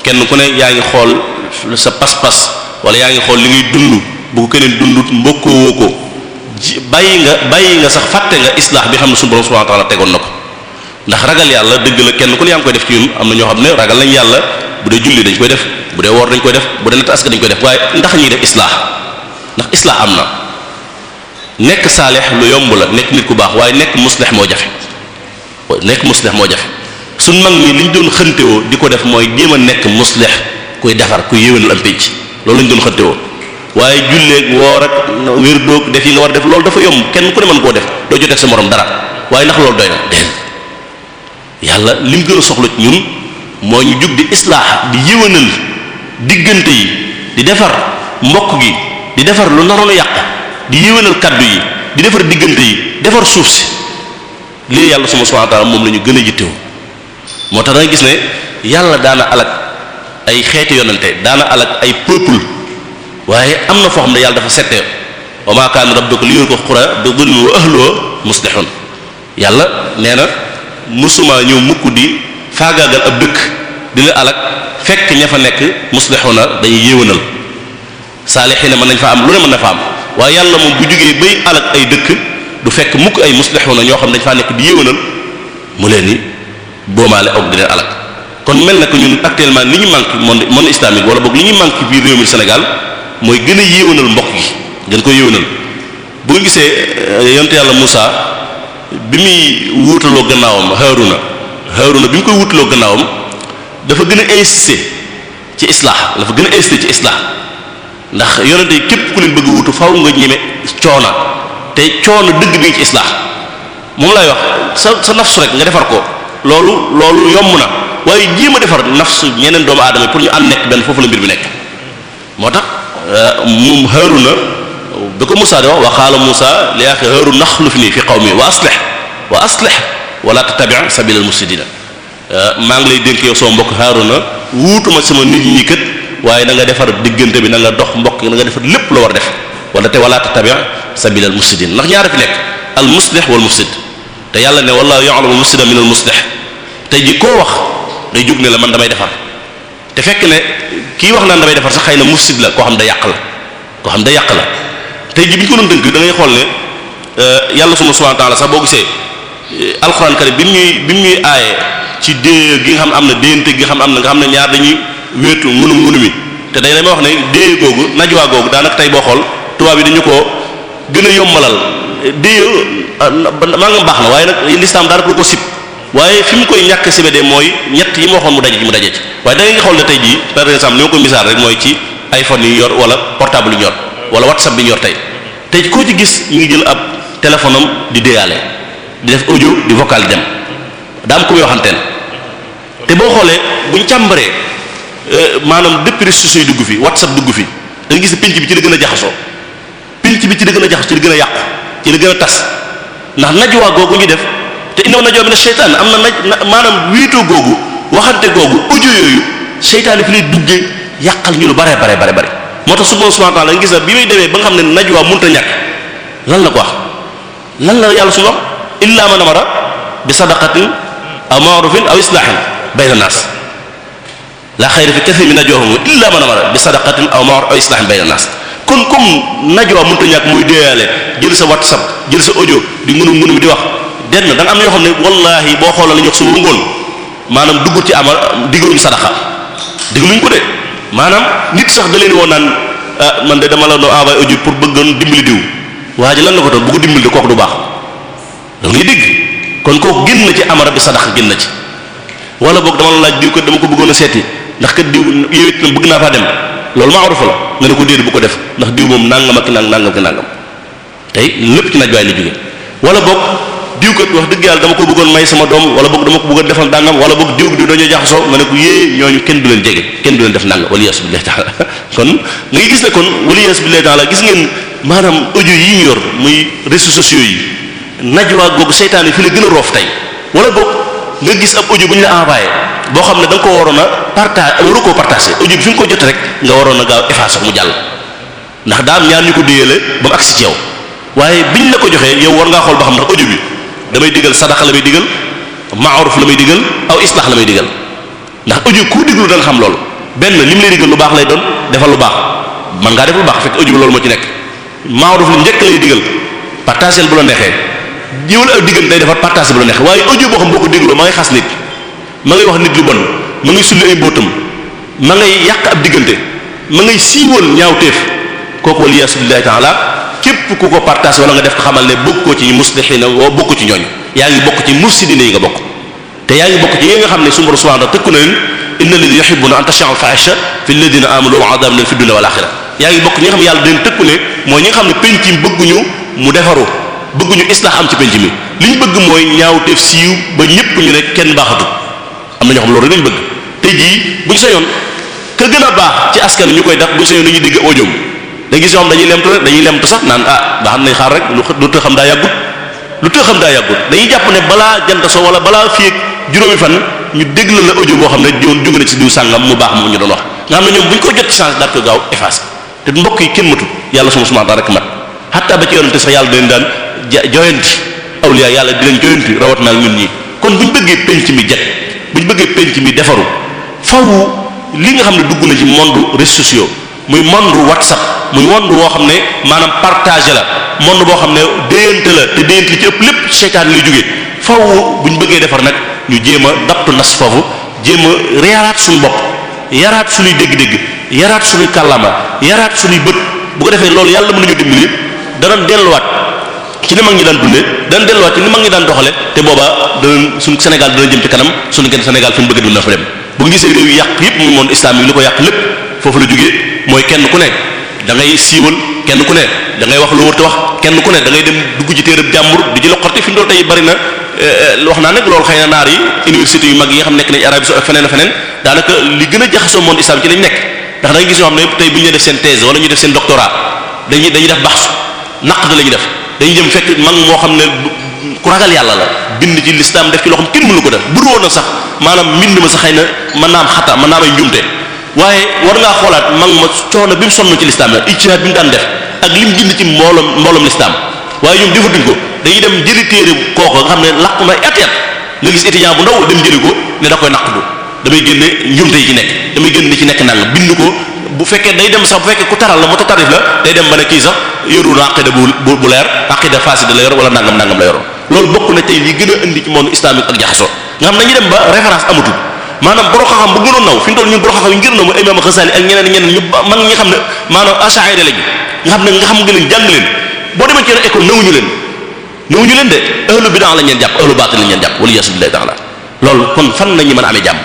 kenn ku ne yaa ngi xool sa pas-pas wala yaa ngi xool li ngay dund bu ko keneen dundut mbokkoo woo ko bàyyi nga bàyyi nga sax fàtte nga islaax bi xam ne su borom subhanahu wa ta'ala tegoon na ko ndax ragal yàlla dëgg la kenn ku ne yaa ngi koy def ci am na ñoo xam ne ragal nañ yàlla bu dañ koy def bu dee woor dañ koy def bu dee natt aska dañ koy def waaye ndax ñuy ndax islaax am na nekk saalix lu yomb la nekk nit ku baax waaye nekk muslix moo jafe nekk muslix moo jafe suñ mag mi li ñu doon xëntewoo di ko def mooy jéem a nekk muslix kuy defar kuy yéwénal am pénc loolu lañu doon xëntewoo waaye julleeg woor ak wér doog def yi nga def loolu dafa yomb kenn ku ne mën koo def doo joteeg sa morom dara waaye ndax loolu doy na yàlla lim gën soxla ci ñun moo ñu jug di islaax di yëwanal diggante yi di defar mbokk gi di defar lu naroon yàq di yëwanal kàddu yi di defar diggante yi defar suuf si lii yàlla suma subhanahu wa moom la ñu gën a yittewoo moo tax da gis ne yàlla daana alak ay xeeti yonante daana alak ay peuple waaye am na foo xam ne yàlla dafa settee wa ma kaana rabbuka liyuhlikal qura bi dhulmin wa ahluha muslihun yàlla nee na musuma ñëw mukk di faagaagal ab dëkk di la alak fekk ña fa nekk muslixuna dañuy yéwénal na man nañ fa am lu ne mën na fa am waaye yàlla moom bu jógee bay alak ay dëkk du fekk mukk ay muslixuna ñoo xam dañ faa nekk di yéwénal mu leen ni boomaale ok di leen alak kon mel na ko ñun actuellement li ñu manque monde monde islamique wala boog li ñu manque biir réew mi Sénégal mooy gën a yéwénal mbokk gi gën ko yéwénal bu ñu gisee eh, yonte yàlla bi muy wuutaloo gannaawam Haaruna Haaruna bi mu koy wuutaloo gannaawam dafa gën a insister ci islaax dafa gën a insister ci islaax ndax yonente yi képp ku leen bëgg wutu faaw nga ñeme coona te coona dëgg bi ci islaax moom laay wax sa sa nafsu rek nga defar ko loolu loolu yomb na waaye jéem a defar nafsu ñeneen doomu aadama pour ñu am nekk benn foofu la mbir bi nekk moo tax euh, moom Haaruna bi ko Moussa di wax wa qaala Moussa li axi haaruun axlufnii fi qawmi wa aslih wa aslih wala tattabi' sabiilal mufsidiin euh, maa ngi lay dénk yow soo mbokk Haaruna wuutuma sama nit ñi kët waaye na nga defar diggante bi na nga dox mbokk na nga defar lépp la war def wala te wala tattabi' sabiilal mufsidiin ndax ñaara fi nekk al muslih wal mufsid te yàlla ne wallaahu ya'lamu al-mufsida min al-muslih te ji koo wax day jug ne la man damay defar te fekk ne kii wax naan damay defar sax xëy na mufsid la koo xam da yàq koo xam da yàq la tey jii bi ñu ko doon dëgg dangay ngay xool ne euh, yàlla suma subhanahu wa ta'ala sax boo gisee euh, alxuraan karim bi mu ñuy bi mu ñuy aaye ci dée gi nga xam am na déente gi nga xam am na nga xam ne ñaar dañuy wéetu ngunum ngunumi te dañ dama wax ne dée googu najwa googu daanaka tey boo xool tubaab yi dañu koo gën a yombalal dée euh, maa nga baax na waaye nag l'islam daanaka lu ko sib waaye fi mu koy ñàkk sibédee mooy ñett yi mu waxoon mu daje ji mu daje ci waaye da xool ne tey jii par exemple ñoo ko koy misaal rek mooy ci iPhone yu yor wala portable yi yor wala whatsapp bi ñu yor tey tey koo ci gis ñu ngi jël ab téléphone am di déyaale di def audio di vocal dem daa am ku muy waxanteen te boo xoolee buñ càmbaree euh, maanaam depuis réseaux sociaux dugg fi whatsapp dugg fi da gis ne pinc bi ci la gën a jaxasoo pinc bi ci la gën a jaxasoo ci la gën a yàqu ci la gën a tas ndax najwaa googu ñu def te innaw najwa mina seytaan am na naj maanaam wiitoo googu waxante googu audio yooyu seytaan fi lay duggee yàqal ñu lu bare bare bare bare moo tax suba subhanahu wa ta'ala gis na bi muy demee ba nga xam ne najwa mënut a ñàkk lan la ko wax lan la yàlla su wax illa man amara bi sadaqatin aw ma'rufin aw islahin bayna nas la xayra fi kathirin min najwahum illa man amara bi sadaqatin aw ma'rufin aw islahin bayna nas kon comme najwa mënut a ñàkk muy déyaale jël sa whatsapp jël sa audio di ngënu ngënu di wax denn da am na yoo xam ne wallahi boo xoolal la ñu wax suba ngoon maanaam dugg ci amal digguñu sadaqa digguñu ko de maanaam nit sax da leen woo naan ah man de dama la doon envoyé audio pour bëggoon dimbali diw waa lan la ko doon bu ko dimbali kooku du baax da ngay dégg kon kooku génn na ci amara bi sadax génn na ci wala boog dama la laaj diw kat dama ko bëggoon a seeti ndax kat diw yow it bëgg naa faa dem loolu maa arufa la nga ne ko déedéet bu ko def ndax diw moom nangam ak nangam ak nangam tey lépp ci naaj waay la jóge walla boog diw kat wax dëgg yàlla dama ko bëggoon may sama doom wala boog dama ko bëggoon defal dàngam wala boog diw di dañoo jaxasoo nga ne ko yée ñooñu kenn du leen jege kenn du leen def nàngam waliyaasu billahi taala [laughs] kon nga gis ne kon waliyaasu billahi taala gis ngeen maanaam audio yi ñu yor muy réseaux sociaux yi najwa googu seytaan yi fi la gën a roof tey wala boog nga gis ab audio bu ñu la envoyé boo xam ne da ko waroon a partage waru koo partagé audio bi fi ko jot rek nga waroon a gaaw effacer mu jàll ndax daa am ñu ko déyeele ba mu agsi ci yow waaye biñ la ko joxee yow war ngaa xool ba xam ndax audio bi damay digal sadaxa la may digal maaruf la may digal aw islaax la may digal ndax audio ku diglu da nga xam loolu benn li mu lay digal lu baax lay doon defal lu baax man ngaa def lu baax fekk audio bi loolu moo ci nekk maaruf li njëkk lay digal partagel bu la neexee jiwal aw digal day defar partage bu la neexee waaye audio boo xam boo ko dégloo ma ngay xas nit ma ngay wax nit lu bon ma ngay sulli ay mbóotam ma ngay yàq ab diggante ma ngay siiwoon ñaaw téef kooku waliasubillahi taala képp ku ko partage wala nga def ko xamal ne bokk ko ci muslihina woo bokk ci ñooñu yaa ngi bokk ci mufsidina yi nga bokk te yaa ngi bokk ci yi nga xam ne sumboro subhanahu wa ta'ala tëkku na leen inna alladhina yuhibbuna an tashia al-fahisha fi alladhina amanu wa adab ne yàlla deen nga xam ne pencim bëgguñu mu defaru bëgguñu islah am ci penc mi liñ bëgg mooy ñaaw def siiw ba ñépp ñu ne kenn baaxatu am na ñoo xam loolu rek lañ bëgg tey jii buñ sañoon ka gën a baax ci askan ñu koy def buñ sañoon nañu dégg ojoom da gis yoo xam dañuy lemtu rek dañuy lemtu sax naan ah da xam ne xaar rek lu të xam daa yàggut lu të xam daa yàggut dañuy jàpp ne balaa jant so wala balaa fii ak juróomi fan ñu dégg la la audio boo xam ne joon jóge na ci diw sàngam mu baax moom ñu doon wax nga xam ne ñoom bu ñu ko jot ci change daal ko gaaw effacé te mbokk yi kenn matul yàlla suma suma rek mat xataa ba ci yonante sax yàlla dinañ daan joyanti awliya yàlla dinañ joyanti rawat naa ñun ñi kon bu ñu bëggee penc mi jet bu ñu bëggee penc mi defaru fawu li nga xam ne dugg na ci monde réseaux sociaux muy monde whatsapp muy monde woo xam ne maanaam partage la monde boo xam ne déyante la te déyante li ci ëpp lépp seytaane lay jóge faw bu ñu bëggee defar nag ñu jéem a daptu nas foofu jéem a yaraat suñu bopp yaraat suñuy dégg-dégg yaraat suñuy kàllaama yaraat suñuy bët bu ko defee loolu yàlla ñu nañu dimbali dana delluwaat ci ni mag ñi daan dundee dana delluwaat ci ni mag ñi daan doxale te boobaa dana suñ Sénégal dana jëm ci kanam suñu kenn Sénégal fi mu bëgg dina fa yàq yëpp muy monde islamique ko yàq lépp foofu la jógee mooy kenn ku ne da ngay siiwal kenn ku ne da ngay wax lu wër wax kenn ku ne da ngay dem dugg ci téerab jàmbur di ji loqati fi mu doon tey bari na eh, eh, wax naa nag loolu xay na naar yi université yu mag yi nga xam nekk nañ Arabie saoudite ak feneen feneen daanaka li gën a jaxasoo monde nekk ndax da ngay gis ñoo xam ne tey bu ñu def seen thèse wala ñu def seen doctorat dañuy dañuy def baxsu naqd la ñuy def dañu jëm fekk mag moo xam ne ku ragal yàlla la bind ci l'islam def ci loo xam kenn mënu ko def bu dul woon na sax maanaam mbind ma sax xëy na mën naa am mën naa am ay njuumte waaye war ngaa xoolaat mag ma coono bi mu sonn ci lislaam la ijtihaad bi mu daan def ak li mu jënd ci mbooloom mbooloom lislaam waaye ñoom defatuñ ko dañuy dem jëli téere kooku nga xam ne laq na et et nga gis étudiant bu ndaw dem jëli ko ne da koy naqdu damay génne njumte yi ci nekk damay génne ci nekk nangam bind ko bu fekkee day dem sax bu fekkee ku taral la moto tarif la day dem ba ne kii sax yoru na aqida bu bu leer aqida fasida la yor wala nangam nangam la a indi ci monde islamique ak jaxasoo nga xam ne dañuy dem ba amatul maanaam borom xam-xam bu gënoon naw fi ñun borom xam-xam yi na mu ay imaam Xasaali ak ñeneen ñeneen ñu man ñi xam ne maanaam asaayira lañu nga xam ne nga xam nga leen jàng leen boo demee ci yeneen école nawuñu leen nawuñu leen de ahlu bid'a lañ leen jàpp ahlu baatil lañ leen jàpp wala kon fan la ñu a amee jàmm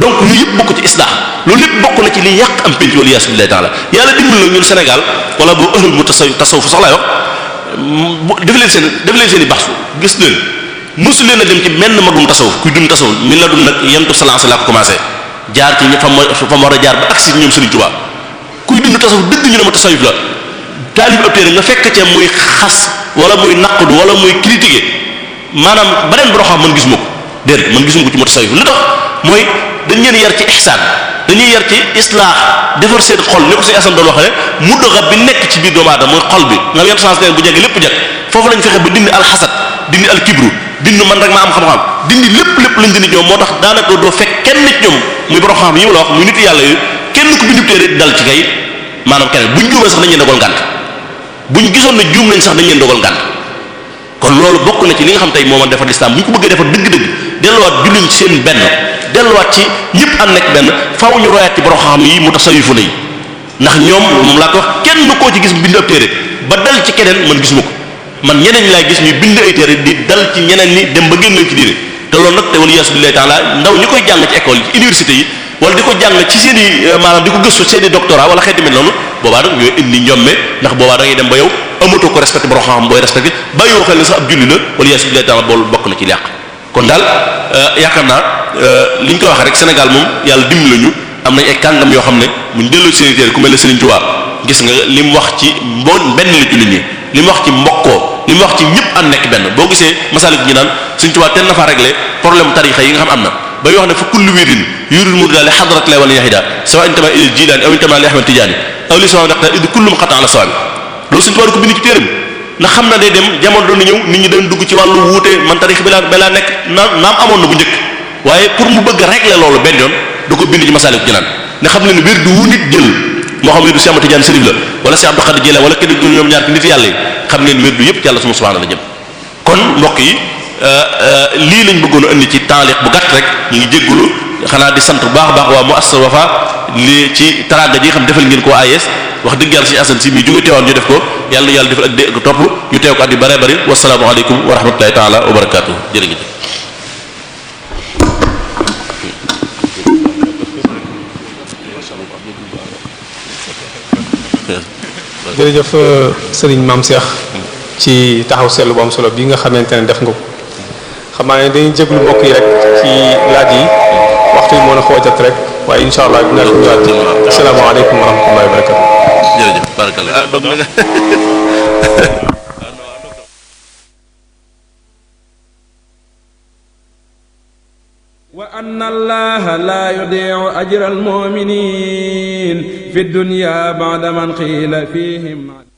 donc yooyu yëpp bokk ci islam loolu lépp bokk na ci li yàq am pénc wala yaasu billahi taala yàlla dimbal na ñun Sénégal mu tasawuf sax laay wax def leen seen def leen seen i baax gis leen mosu leen a dem ci menn magum tasawuf kuy dund tasawuf min la dund nag yentu salance laa ko commencé jaar ci ma fa ma war a jaar ba agsi ñoom Serigne Touba kuy dund tasawuf dëgg ñu ne ma tasawuf la taalib ab téere nga fekk ca muy xas wala muy naqdu wala muy critiquer maanaam beneen boroxam man gisuma ko déedéet man gisuma ko ci ma tasawuf lu tax mooy dañ leen yar ci islaax defar seen xol ni si asan doon waxee bi nekk ci biir doomu xol bi nga yentu bu jege lépp jag foofu lañ fexe ba dindi alxasad dindi al kibru dindi man rek maa am xam-xam dindi lépp lépp lañ dindi ñoom moo tax daanaka doo fekk kenn nit ñoom muy borom xam yi ma la wax muy nit yàlla yi kenn ku bindub téere dal ci gisoon ne juum nañ sax dañ leen dogal ngànt kon loolu bokk na ci li nga xam tey moo man defar lislaam bu ñu ko bëggee defar dëgg-dëgg delluwaat julliñ ci seen benn delluwaat ci ñëpp ànd benn faaw ñu royaat ci borom xam yi mu tasawifu lay ndax ñoom moom laa ko wax kenn koo ci gis bind ab téere ba dal ci keneen man gisuma ko man ñeneen laay gis ñuy bind ay téere di dal ci ñeneen ñi dem ba génn ci diine te loolu nag te wala yaasu billahi taala ndaw ñi koy jàng ci école yi université yi wala di ko jàng ci seen i euh, di ko gëstu seen i doctorat wala xeeti mel noonu boobaa nag ñooy indi ñomme ndax boobaa da ngay dem ba yow amatoo ko respecté borom xam-xam booy respecté bàyyiwoo xel ne sax ab julli la wala yaasu billahi taala bool bokk na ci yàq kon daal euh, yaakaar naa euh, li ñu ko waxee rek Sénégal moom yàlla dimbali ñu am nañ kàngam yoo xam ne muñ delloo seen i téere ku mel ne Serigne gis nga li mu wax ci mboñ benn la li mu wax ci mbokkoo li mu wax ci ñëpp am nekk benn boo gisee masalik ñi naan suñ tubaab ten na fa régler problème tarixa yi nga xam am na bay wax ne fa kullu wiirin yuuril murida li xadrat lay wala yaxida sawa intama il jilaani aw intama li ahmad aw li sawa ndax id kullum xataan la sawa bi loolu suñ tubaab di ko bind ci téeram ndax xam na day dem jamono doon ñëw nit ñi dañ dugg ci wàllu wuute man tarix bi laa bi laa pour mu bëgg régler loolu benn yoon da ko bind ci masalik ñi naan ne xam moo xam wirdu Cheikh Ahmad Tidiane Sërif la wala Cheikh a Khadir Jilani wala kenn du ñoom ñaar ki nit yàlla yi xam ngeen wirdu yëpp ci yàlla suma subhaanahu la jëm kon mbokk yi euh, euh, lii lañ bëggoon indi ci taaliq bu gàtt rek ñu ngi jéggulu xanaa di sant bu baax baax waa Muassasa Wafa li ci taraanga ji xam defal ngeen ko AES wax dëgg yàlla suñu asan si mi jóge teewaan ñu def ko yàlla na yàlla defal ak dé topp ñu teew ko at yu bare bari wasalaamu aleykum wa rahmatullahi taala wa barakatuh jërëjëf jërëjëf euh, sëriñ maam Cheikh ci taxaw seetlu bu am solo bi nga xamante ne def nga ko xam naa ne dañuy jéglu mbokk yi rek ci laaj yi waxtu yi moo na xoojat rek waaye incha allah dina fi ñëwaat asalaamaaleykum wa rahmatullahi wa barakatu jërëjëf barakalla ah, [laughs] allaha laa yudiicu ajra almu'miniin fi dunya ba'da man qiila fiihim